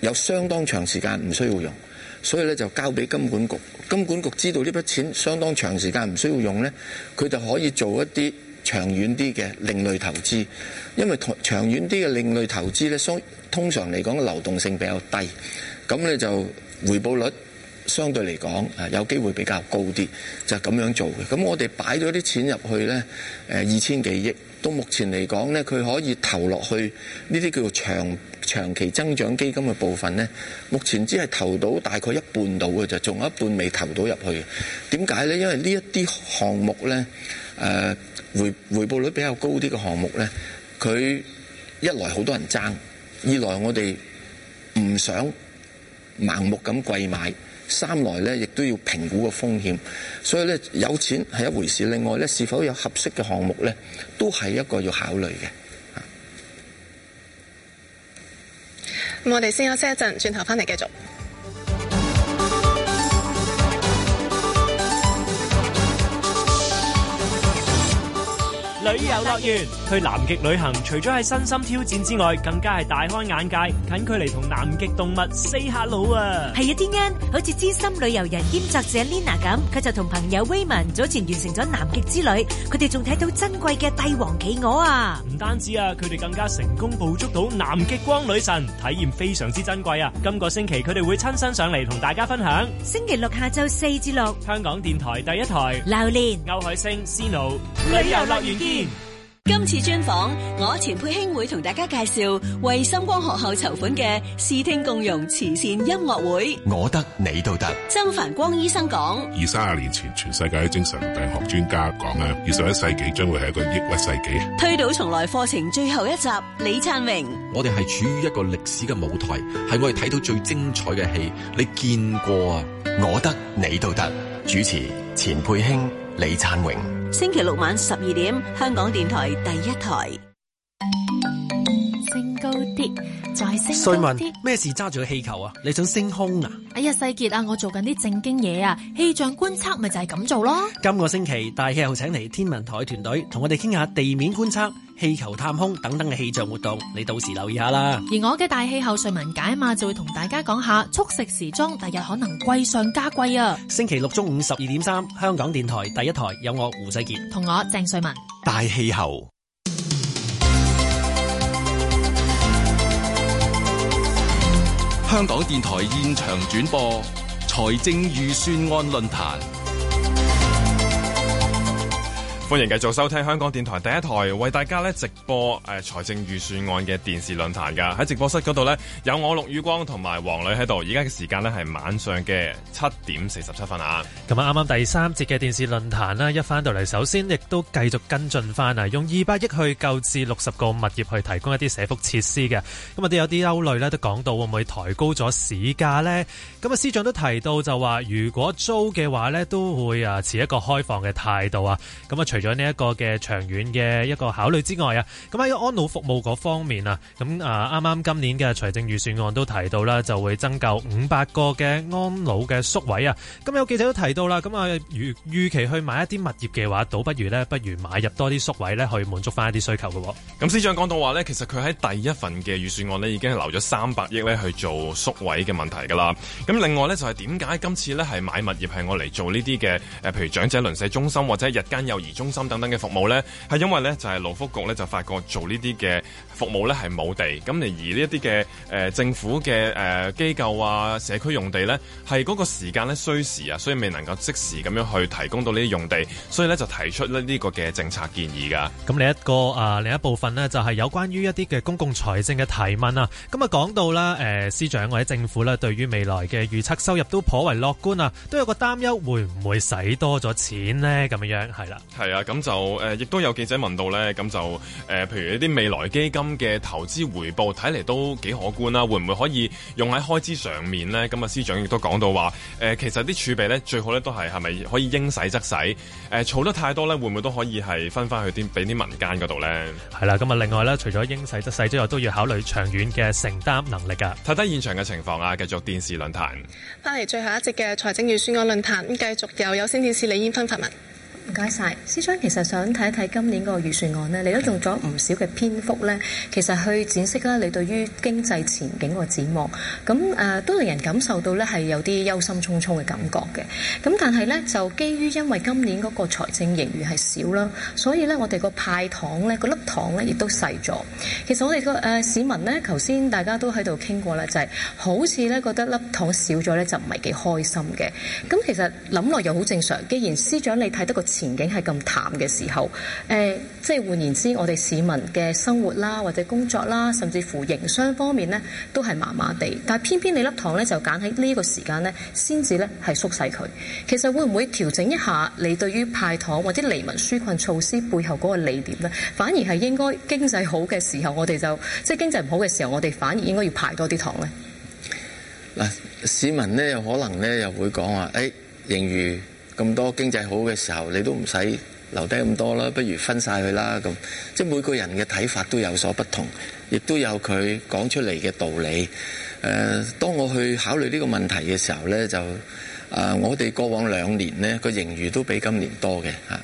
有相當長時間唔需要用，所以呢，就交俾金管局。金管局知道呢筆錢相當長時間唔需要用呢，佢就可以做一啲。長遠啲嘅另類投資，因為長長遠啲嘅另類投資呢，通常嚟講，流動性比較低，咁呢就回報率相對嚟講啊，有機會比較高啲，就咁樣做嘅。咁我哋擺咗啲錢入去呢，二千幾億，到目前嚟講呢，佢可以投落去呢啲叫做長長期增長基金嘅部分呢，目前只係投到大概一半到嘅，就仲有一半未投到入去。點解呢？因為呢一啲項目呢。誒、uh, 回回報率比較高啲嘅項目呢，佢一來好多人爭，二來我哋唔想盲目咁貴買，三來呢亦都要評估個風險，所以呢，有錢係一回事，另外呢，是否有合適嘅項目呢，都係一個要考慮嘅。咁我哋先休息一陣，轉頭翻嚟繼續。旅遊樂園去南極旅行，除咗係身心挑戰之外，更加係大開眼界，近距離同南極動物 say hello 啊！係一天恩，好似資深旅遊人兼作者 Lina 咁，佢就同朋友 Wayman 早前完成咗南極之旅，佢哋仲睇到珍貴嘅帝王企鵝啊！唔單止啊，佢哋更加成功捕捉到南極光女神，體驗非常之珍貴啊！今個星期佢哋會親身上嚟，同大家分享。星期六下晝四至六，香港電台第一台流年歐海星 Snow 旅遊樂園。今次專訪，我錢佩卿會同大家介紹為心光學校籌款嘅視聽共融慈善音樂會。我得你都得。曾繁光醫生講：二三十年前，全世界嘅精神病學專家講啊，二十一世紀將會係一個抑鬱世紀。推倒重來課程最後一集，李燦榮。我哋係處於一個歷史嘅舞台，係我哋睇到最精彩嘅戲。你見過啊？我得你都得。主持：錢佩卿、李燦榮。星期六晚十二點，香港電台第一台。就係升高啲。瑞文，咩事揸住個氣球啊？你想升空啊？哎呀，世杰啊，我做緊啲正經嘢啊。氣象觀測咪就係咁做咯。今個星期大氣候請嚟天文台團隊同我哋傾下地面觀測、氣球探空等等嘅氣象活動，你到時留意下啦。而我嘅大氣候瑞文解碼，就會同大家講下速食時裝第日可能貴上加貴啊。星期六中午十二點三，香港電台第一台有我胡世杰同我鄭瑞文大氣候。香港電台現場轉播財政預算案論壇。歡迎繼續收聽香港電台第一台為大家咧直播誒、呃、財政預算案嘅電視論壇噶喺直播室嗰度咧有我陸宇光同埋黃女喺度，而家嘅時間咧係晚上嘅七點四十七分啊！咁啊，啱啱第三節嘅電視論壇呢，一翻到嚟，首先亦都繼續跟進翻啊，用二百億去購置六十個物業去提供一啲社福設施嘅，咁啊都有啲憂慮呢，都講到會唔會抬高咗市價呢？咁啊司長都提到就話，如果租嘅話呢，都會啊持一個開放嘅態度啊，咁啊除咗呢一個嘅長遠嘅一個考慮之外啊，咁喺安老服務嗰方面啊，咁啊啱啱今年嘅財政預算案都提到啦，就會增購五百個嘅安老嘅宿位啊。咁有記者都提到啦，咁啊預預期去買一啲物業嘅話，倒不如呢，不如買入多啲宿位呢去滿足翻一啲需求嘅。咁司長講到話呢，其實佢喺第一份嘅預算案呢已經係留咗三百億呢去做宿位嘅問題噶啦。咁另外呢，就係點解今次呢係買物業係我嚟做呢啲嘅誒，譬如長者鄰舍中心或者日間幼兒中心。心等等嘅服務咧，係因為咧就係、是、勞福局咧就發覺做呢啲嘅服務咧係冇地，咁而呢一啲嘅誒政府嘅誒、呃、機構啊、社區用地呢，係嗰個時間需時啊，所以未能夠即時咁樣去提供到呢啲用地，所以呢，就提出呢個嘅政策建議㗎。咁另一個啊、呃，另一部分呢，就係、是、有關於一啲嘅公共財政嘅提問啊。咁啊講到啦誒、呃，司長或者政府呢，對於未來嘅預測收入都頗為樂觀啊，都有個擔憂會唔會使多咗錢呢？咁樣係啦。係啊，咁就亦、呃、都有記者問到呢，咁就誒、呃、譬如一啲未來基金。嘅投資回報睇嚟都幾可觀啦，會唔會可以用喺開支上面呢？咁啊，司長亦都講到話，誒、呃、其實啲儲備咧最好咧都係係咪可以應使則使？誒、呃、儲得太多咧，會唔會都可以係分翻去啲俾啲民間嗰度咧？係啦，咁啊，另外咧，除咗應使則使之外，都要考慮長遠嘅承擔能力㗎。睇睇現場嘅情況啊，繼續電視論壇，翻嚟最後一節嘅財政預算案論壇，繼續由有線電視李煙芬發問。唔該晒，司長，其實想睇一睇今年個預算案，你還呢，你都用咗唔少嘅篇幅呢，其實去展示啦，你對於經濟前景個展望，咁、呃、都令人感受到呢係有啲憂心忡忡嘅感覺嘅。咁但係呢，就基於因為今年嗰個財政盈餘係少啦，所以呢，我哋個派糖呢個粒糖呢，亦都細咗。其實我哋個、呃、市民呢，頭先大家都喺度傾過啦，就係、是、好似呢覺得粒糖少咗呢，就唔係幾開心嘅。咁其實諗落又好正常，既然司長你睇得個。前景係咁淡嘅時候，誒、呃，即係換言之，我哋市民嘅生活啦，或者工作啦，甚至乎營商方面呢，都係麻麻地。但係偏偏你粒糖呢，就揀喺呢個時間呢，先至呢，係縮細佢。其實會唔會調整一下你對於派糖或者利民紓困措施背後嗰個理念呢？反而係應該經濟好嘅時候，我哋就即係經濟唔好嘅時候，我哋反而應該要派多啲糖呢？嗱，市民呢，又可能呢，又會講話，誒、哎，盈餘。咁多經濟好嘅時候，你都唔使留低咁多啦，不如分晒佢啦咁。即係每個人嘅睇法都有所不同，亦都有佢講出嚟嘅道理。誒、呃，當我去考慮呢個問題嘅時候、呃、呢，就啊，我哋過往兩年呢個盈餘都比今年多嘅嚇。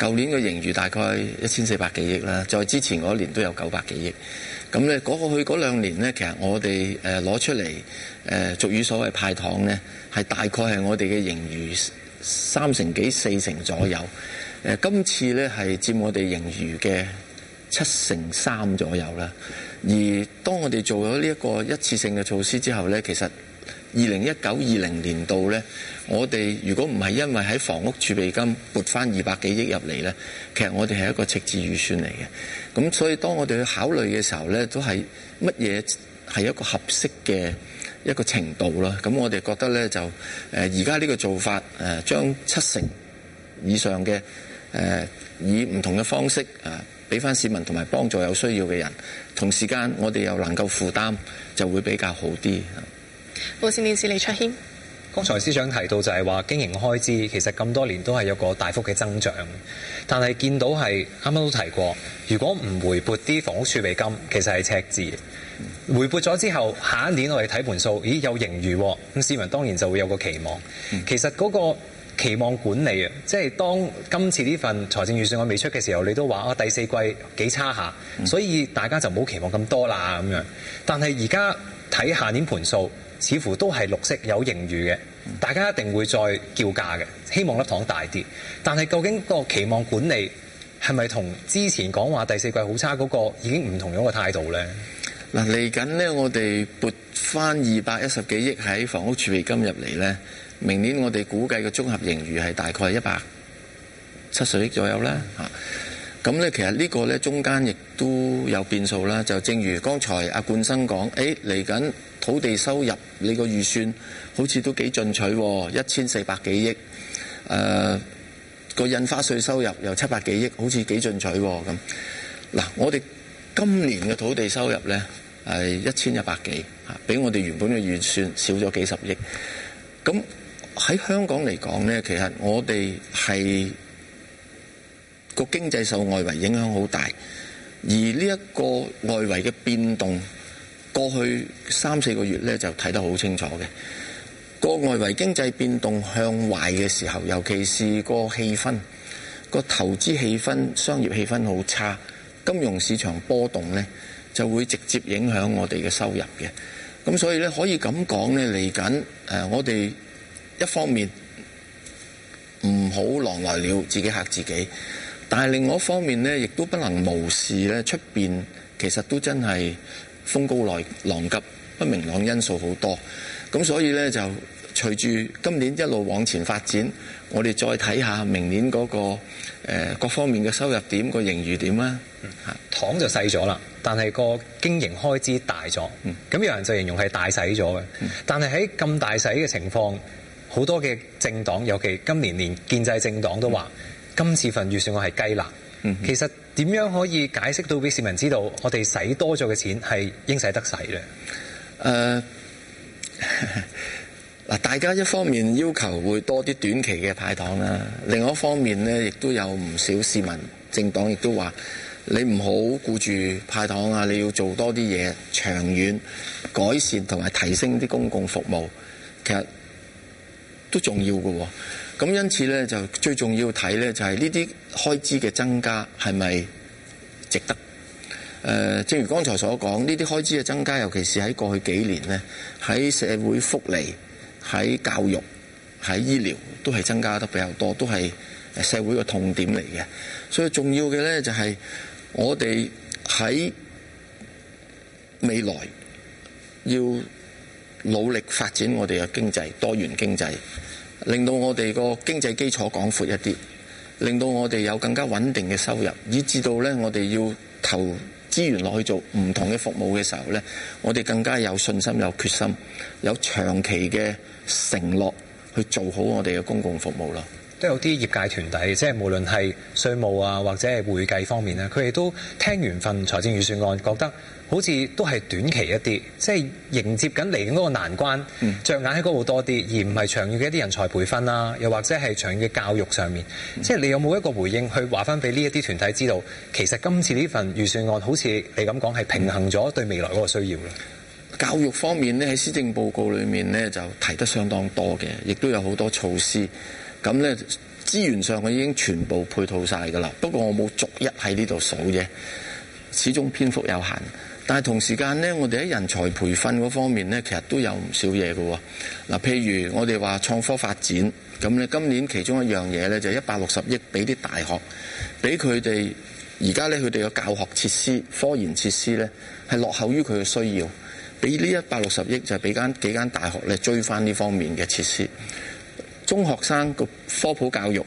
舊年嘅盈餘大概一千四百幾億啦，再之前嗰年都有九百幾億。咁呢過去嗰兩年呢，其實我哋攞、呃、出嚟誒，俗、呃、語所謂派糖呢，係大概係我哋嘅盈餘三成幾四成左右，呃、今次呢係佔我哋盈餘嘅七成三左右啦。而當我哋做咗呢一個一次性嘅措施之後呢，其實二零一九二零年度呢，我哋如果唔係因為喺房屋儲備金撥返二百幾億入嚟呢，其實我哋係一個赤字預算嚟嘅。咁所以當我哋去考慮嘅時候呢，都係乜嘢係一個合適嘅一個程度啦，咁我哋覺得呢，就而家呢個做法將、呃、七成以上嘅、呃、以唔同嘅方式啊俾翻市民同埋幫助有需要嘅人，同時間我哋又能夠負擔就會比較好啲。無綫電視李卓軒，剛才司長提到就係話經營開支其實咁多年都係有個大幅嘅增長，但係見到係啱啱都提過，如果唔回撥啲房屋儲備金，其實係赤字。回撥咗之後，下一年我哋睇盤數，咦，有盈餘咁、哦、市民當然就會有個期望。嗯、其實嗰個期望管理啊，即係當今次呢份財政預算案未出嘅時候，你都話啊第四季幾差下、嗯，所以大家就冇期望咁多啦咁樣。但係而家睇下年盤數，似乎都係綠色有盈餘嘅，大家一定會再叫價嘅，希望粒糖大啲。但係究竟個期望管理係咪同之前講話第四季好差嗰個已經唔同樣嘅態度呢？嗱，嚟緊呢，我哋撥翻二百一十幾億喺房屋儲備金入嚟呢，明年我哋估計嘅綜合盈餘係大概一百七十億左右啦。咁、嗯、呢，其實呢個呢，中間亦都有變數啦。就正如剛才阿冠生講，誒嚟緊土地收入你個預算好似都幾進取，一千四百幾億。誒、呃、個印花稅收入又七百幾億，好似幾進取咁。嗱，我哋。今年嘅土地收入呢，係一千一百幾，吓，比我哋原本嘅預算少咗幾十億。咁喺香港嚟講呢，其實我哋係個經濟受外圍影響好大，而呢一個外圍嘅變動過去三四個月呢，就睇得好清楚嘅。個外圍經濟變動向壞嘅時候，尤其是個氣氛、個投資氣氛、商業氣氛好差。金融市場波動呢，就會直接影響我哋嘅收入嘅。咁所以呢，可以咁講呢，嚟緊，呃，我哋一方面唔好狼來了，自己嚇自己；但係另外一方面呢，亦都不能無視呢出面其實都真係風高來浪急，不明朗因素好多。咁所以呢，就隨住今年一路往前發展，我哋再睇下明年嗰個。誒各方面嘅收入點、個盈餘點咧，糖就細咗啦，但係個經營開支大咗，咁、嗯、有人就形容係大使咗嘅。但係喺咁大使嘅情況，好多嘅政黨，尤其今年連建制政黨都話、嗯，今次份預算我係雞肋。嗯，其實點樣可以解釋到俾市民知道我花花，我哋使多咗嘅錢係應使得使呢？ 嗱，大家一方面要求會多啲短期嘅派糖啦，另外一方面呢亦都有唔少市民、政黨亦都話：你唔好顧住派糖啊，你要做多啲嘢，長遠改善同埋提升啲公共服務，其實都重要嘅。咁因此呢，就最重要睇呢，就係呢啲開支嘅增加係咪值得？呃，正如剛才所講，呢啲開支嘅增加，尤其是喺過去幾年呢，喺社會福利。喺教育、喺醫療都係增加得比較多，都係社會個痛點嚟嘅。所以重要嘅呢，就係我哋喺未來要努力發展我哋嘅經濟，多元經濟，令到我哋個經濟基礎廣闊一啲，令到我哋有更加穩定嘅收入，以至到呢，我哋要投。資源落去做唔同嘅服務嘅時候呢，我哋更加有信心、有決心、有長期嘅承諾去做好我哋嘅公共服務咯。都有啲業界團體，即係無論係稅務啊，或者係會計方面咧，佢哋都聽完份財政預算案，覺得，好似都係短期一啲，即、就、係、是、迎接緊嚟緊嗰個難關，嗯、着眼喺嗰度多啲，而唔係長遠嘅一啲人才培訓啦，又或者係長遠嘅教育上面。即、嗯、係、就是、你有冇一個回應，去話翻俾呢一啲團體知道，其實今次呢份預算案好似你咁講，係平衡咗對未來嗰個需要啦。教育方面呢，喺施政報告裏面呢，就提得相當多嘅，亦都有好多措施。咁呢資源上我已經全部配套晒㗎啦，不過我冇逐一喺呢度數嘅，始終篇幅有限。但係同時間呢，我哋喺人才培訓嗰方面呢，其實都有唔少嘢㗎喎。嗱，譬如我哋話創科發展，咁你今年其中一樣嘢呢，就一百六十億俾啲大學，俾佢哋，而家呢，佢哋嘅教學設施、科研設施呢，係落後於佢嘅需要，俾呢一百六十億就俾間幾間大學咧追翻呢方面嘅設施。中學生個科普教育，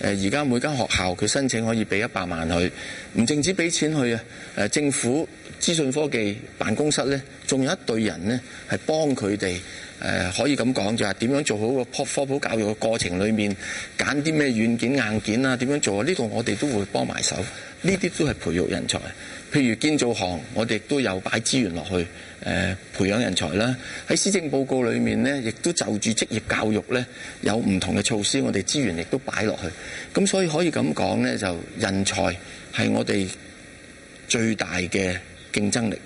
而家每間學校，佢申請可以俾一百萬去，唔淨止俾錢去啊！政府，資訊科技辦公室呢，仲有一隊人呢，係幫佢哋、呃，可以咁講就係點樣做好個科普教育嘅過程裏面，揀啲咩軟件硬件啊，點樣做啊？呢度我哋都會幫埋手，呢啲都係培育人才。譬如建造行，我哋亦都有擺資源落去、呃，培養人才啦。喺施政報告裏面呢，亦都就住職業教育呢，有唔同嘅措施，我哋資源亦都擺落去。咁所以可以咁講呢，就人才係我哋最大嘅。競爭力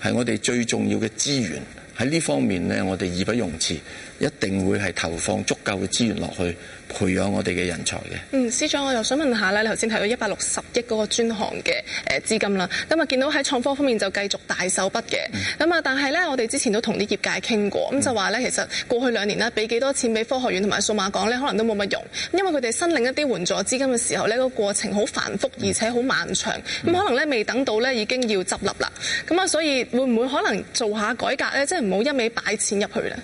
係我哋最重要嘅資源，喺呢方面咧，我哋義不容辭，一定會係投放足夠嘅資源落去。培養我哋嘅人才嘅。嗯，司長，我又想問下咧，你頭先提到一百六十億嗰個專項嘅誒資金啦，咁啊，見到喺創科方面就繼續大手筆嘅，咁、嗯、啊，但係咧我哋之前都同啲業界傾過，咁就話咧其實過去兩年咧俾幾多錢俾科學院同埋數碼港咧，可能都冇乜用，因為佢哋申領一啲援助資金嘅時候呢，個過程好繁複，而且好漫長，咁可能咧未等到咧已經要執笠啦。咁啊，所以會唔會可能做下改革咧？即係唔好一味擺錢入去咧。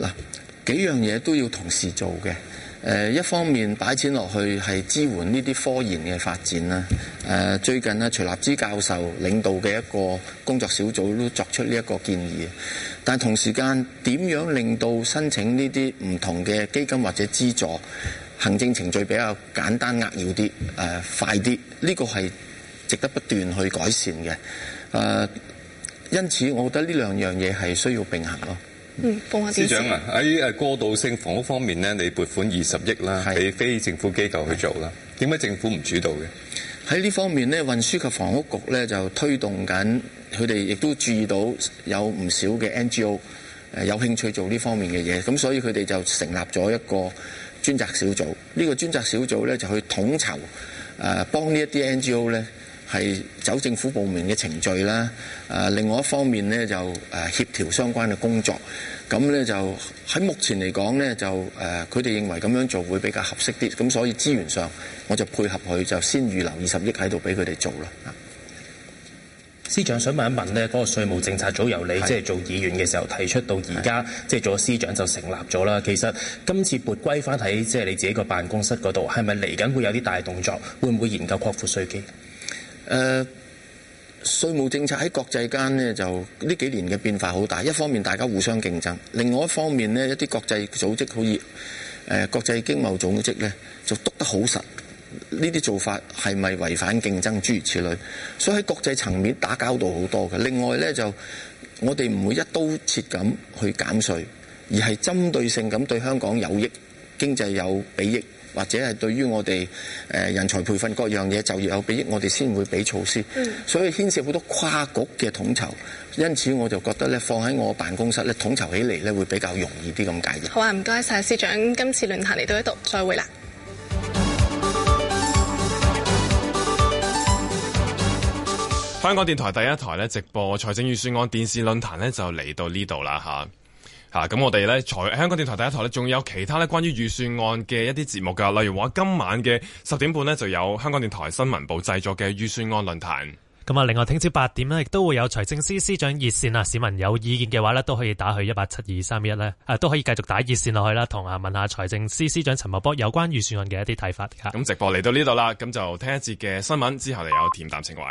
嗱，幾樣嘢都要同時做嘅。呃、一方面擺錢落去係支援呢啲科研嘅發展啦、呃。最近咧、啊，徐立之教授領導嘅一個工作小組都作出呢一個建議。但同時間點樣令到申請呢啲唔同嘅基金或者資助，行政程序比較簡單扼要啲，誒、呃、快啲，呢、呢個係值得不斷去改善嘅、呃。因此我覺得呢兩樣嘢係需要並行咯。嗯，司長啊，喺誒過渡性房屋方面咧，你撥款二十億啦，俾非政府機構去做啦。點解政府唔主導嘅？喺呢方面咧，運輸及房屋局咧就推動緊，佢哋亦都注意到有唔少嘅 NGO 誒有興趣做呢方面嘅嘢，咁所以佢哋就成立咗一個專責小組。呢個專責小組咧就去統籌誒幫呢一啲 NGO 咧。係走政府部門嘅程序啦。誒、呃，另外一方面呢，就誒、呃、協調相關嘅工作。咁呢，就喺目前嚟講呢，就誒佢哋認為咁樣做會比較合適啲。咁所以資源上我就配合佢，就先預留二十億喺度俾佢哋做啦。司長想問一問呢，嗰、那個稅務政策組由你即係、就是、做議員嘅時候提出到現在，到而家即係做司長就成立咗啦。其實今次撥歸翻喺即係你自己個辦公室嗰度，係咪嚟緊會有啲大動作？會唔會研究擴闊稅基？誒、呃，稅務政策喺國際間呢，就呢幾年嘅變化好大。一方面大家互相競爭，另外一方面呢，一啲國際組織好似誒國際經貿組織呢，就督得好實。呢啲做法係咪違反競爭諸如此類？所以喺國際層面打交道好多嘅。另外呢，就我哋唔會一刀切咁去減稅，而係針對性咁對香港有益、經濟有裨益。或者係對於我哋誒人才培訓各樣嘢、就業有裨益，我哋先會俾措施。嗯、所以牽涉好多跨局嘅統籌，因此我就覺得咧，放喺我辦公室咧統籌起嚟咧會比較容易啲咁解嘅。好啊，唔該晒司長，今次論壇嚟到呢度，再會啦！香港電台第一台咧直播財政預算案電視論壇咧就嚟到呢度啦嚇。吓、啊、咁我哋咧，財香港電台第一台咧，仲有其他咧關於預算案嘅一啲節目噶，例如話今晚嘅十點半呢，就有香港電台新聞部製作嘅預算案論壇。咁啊，另外聽朝八點呢，亦都會有財政司司長熱線啊，市民有意見嘅話咧，都可以打去一八七二三一咧，啊都可以繼續打熱線落去啦，同啊問下財政司司長陳茂波有關預算案嘅一啲睇法。咁直播嚟到呢度啦，咁就聽一節嘅新聞之後，就有恬淡情懷。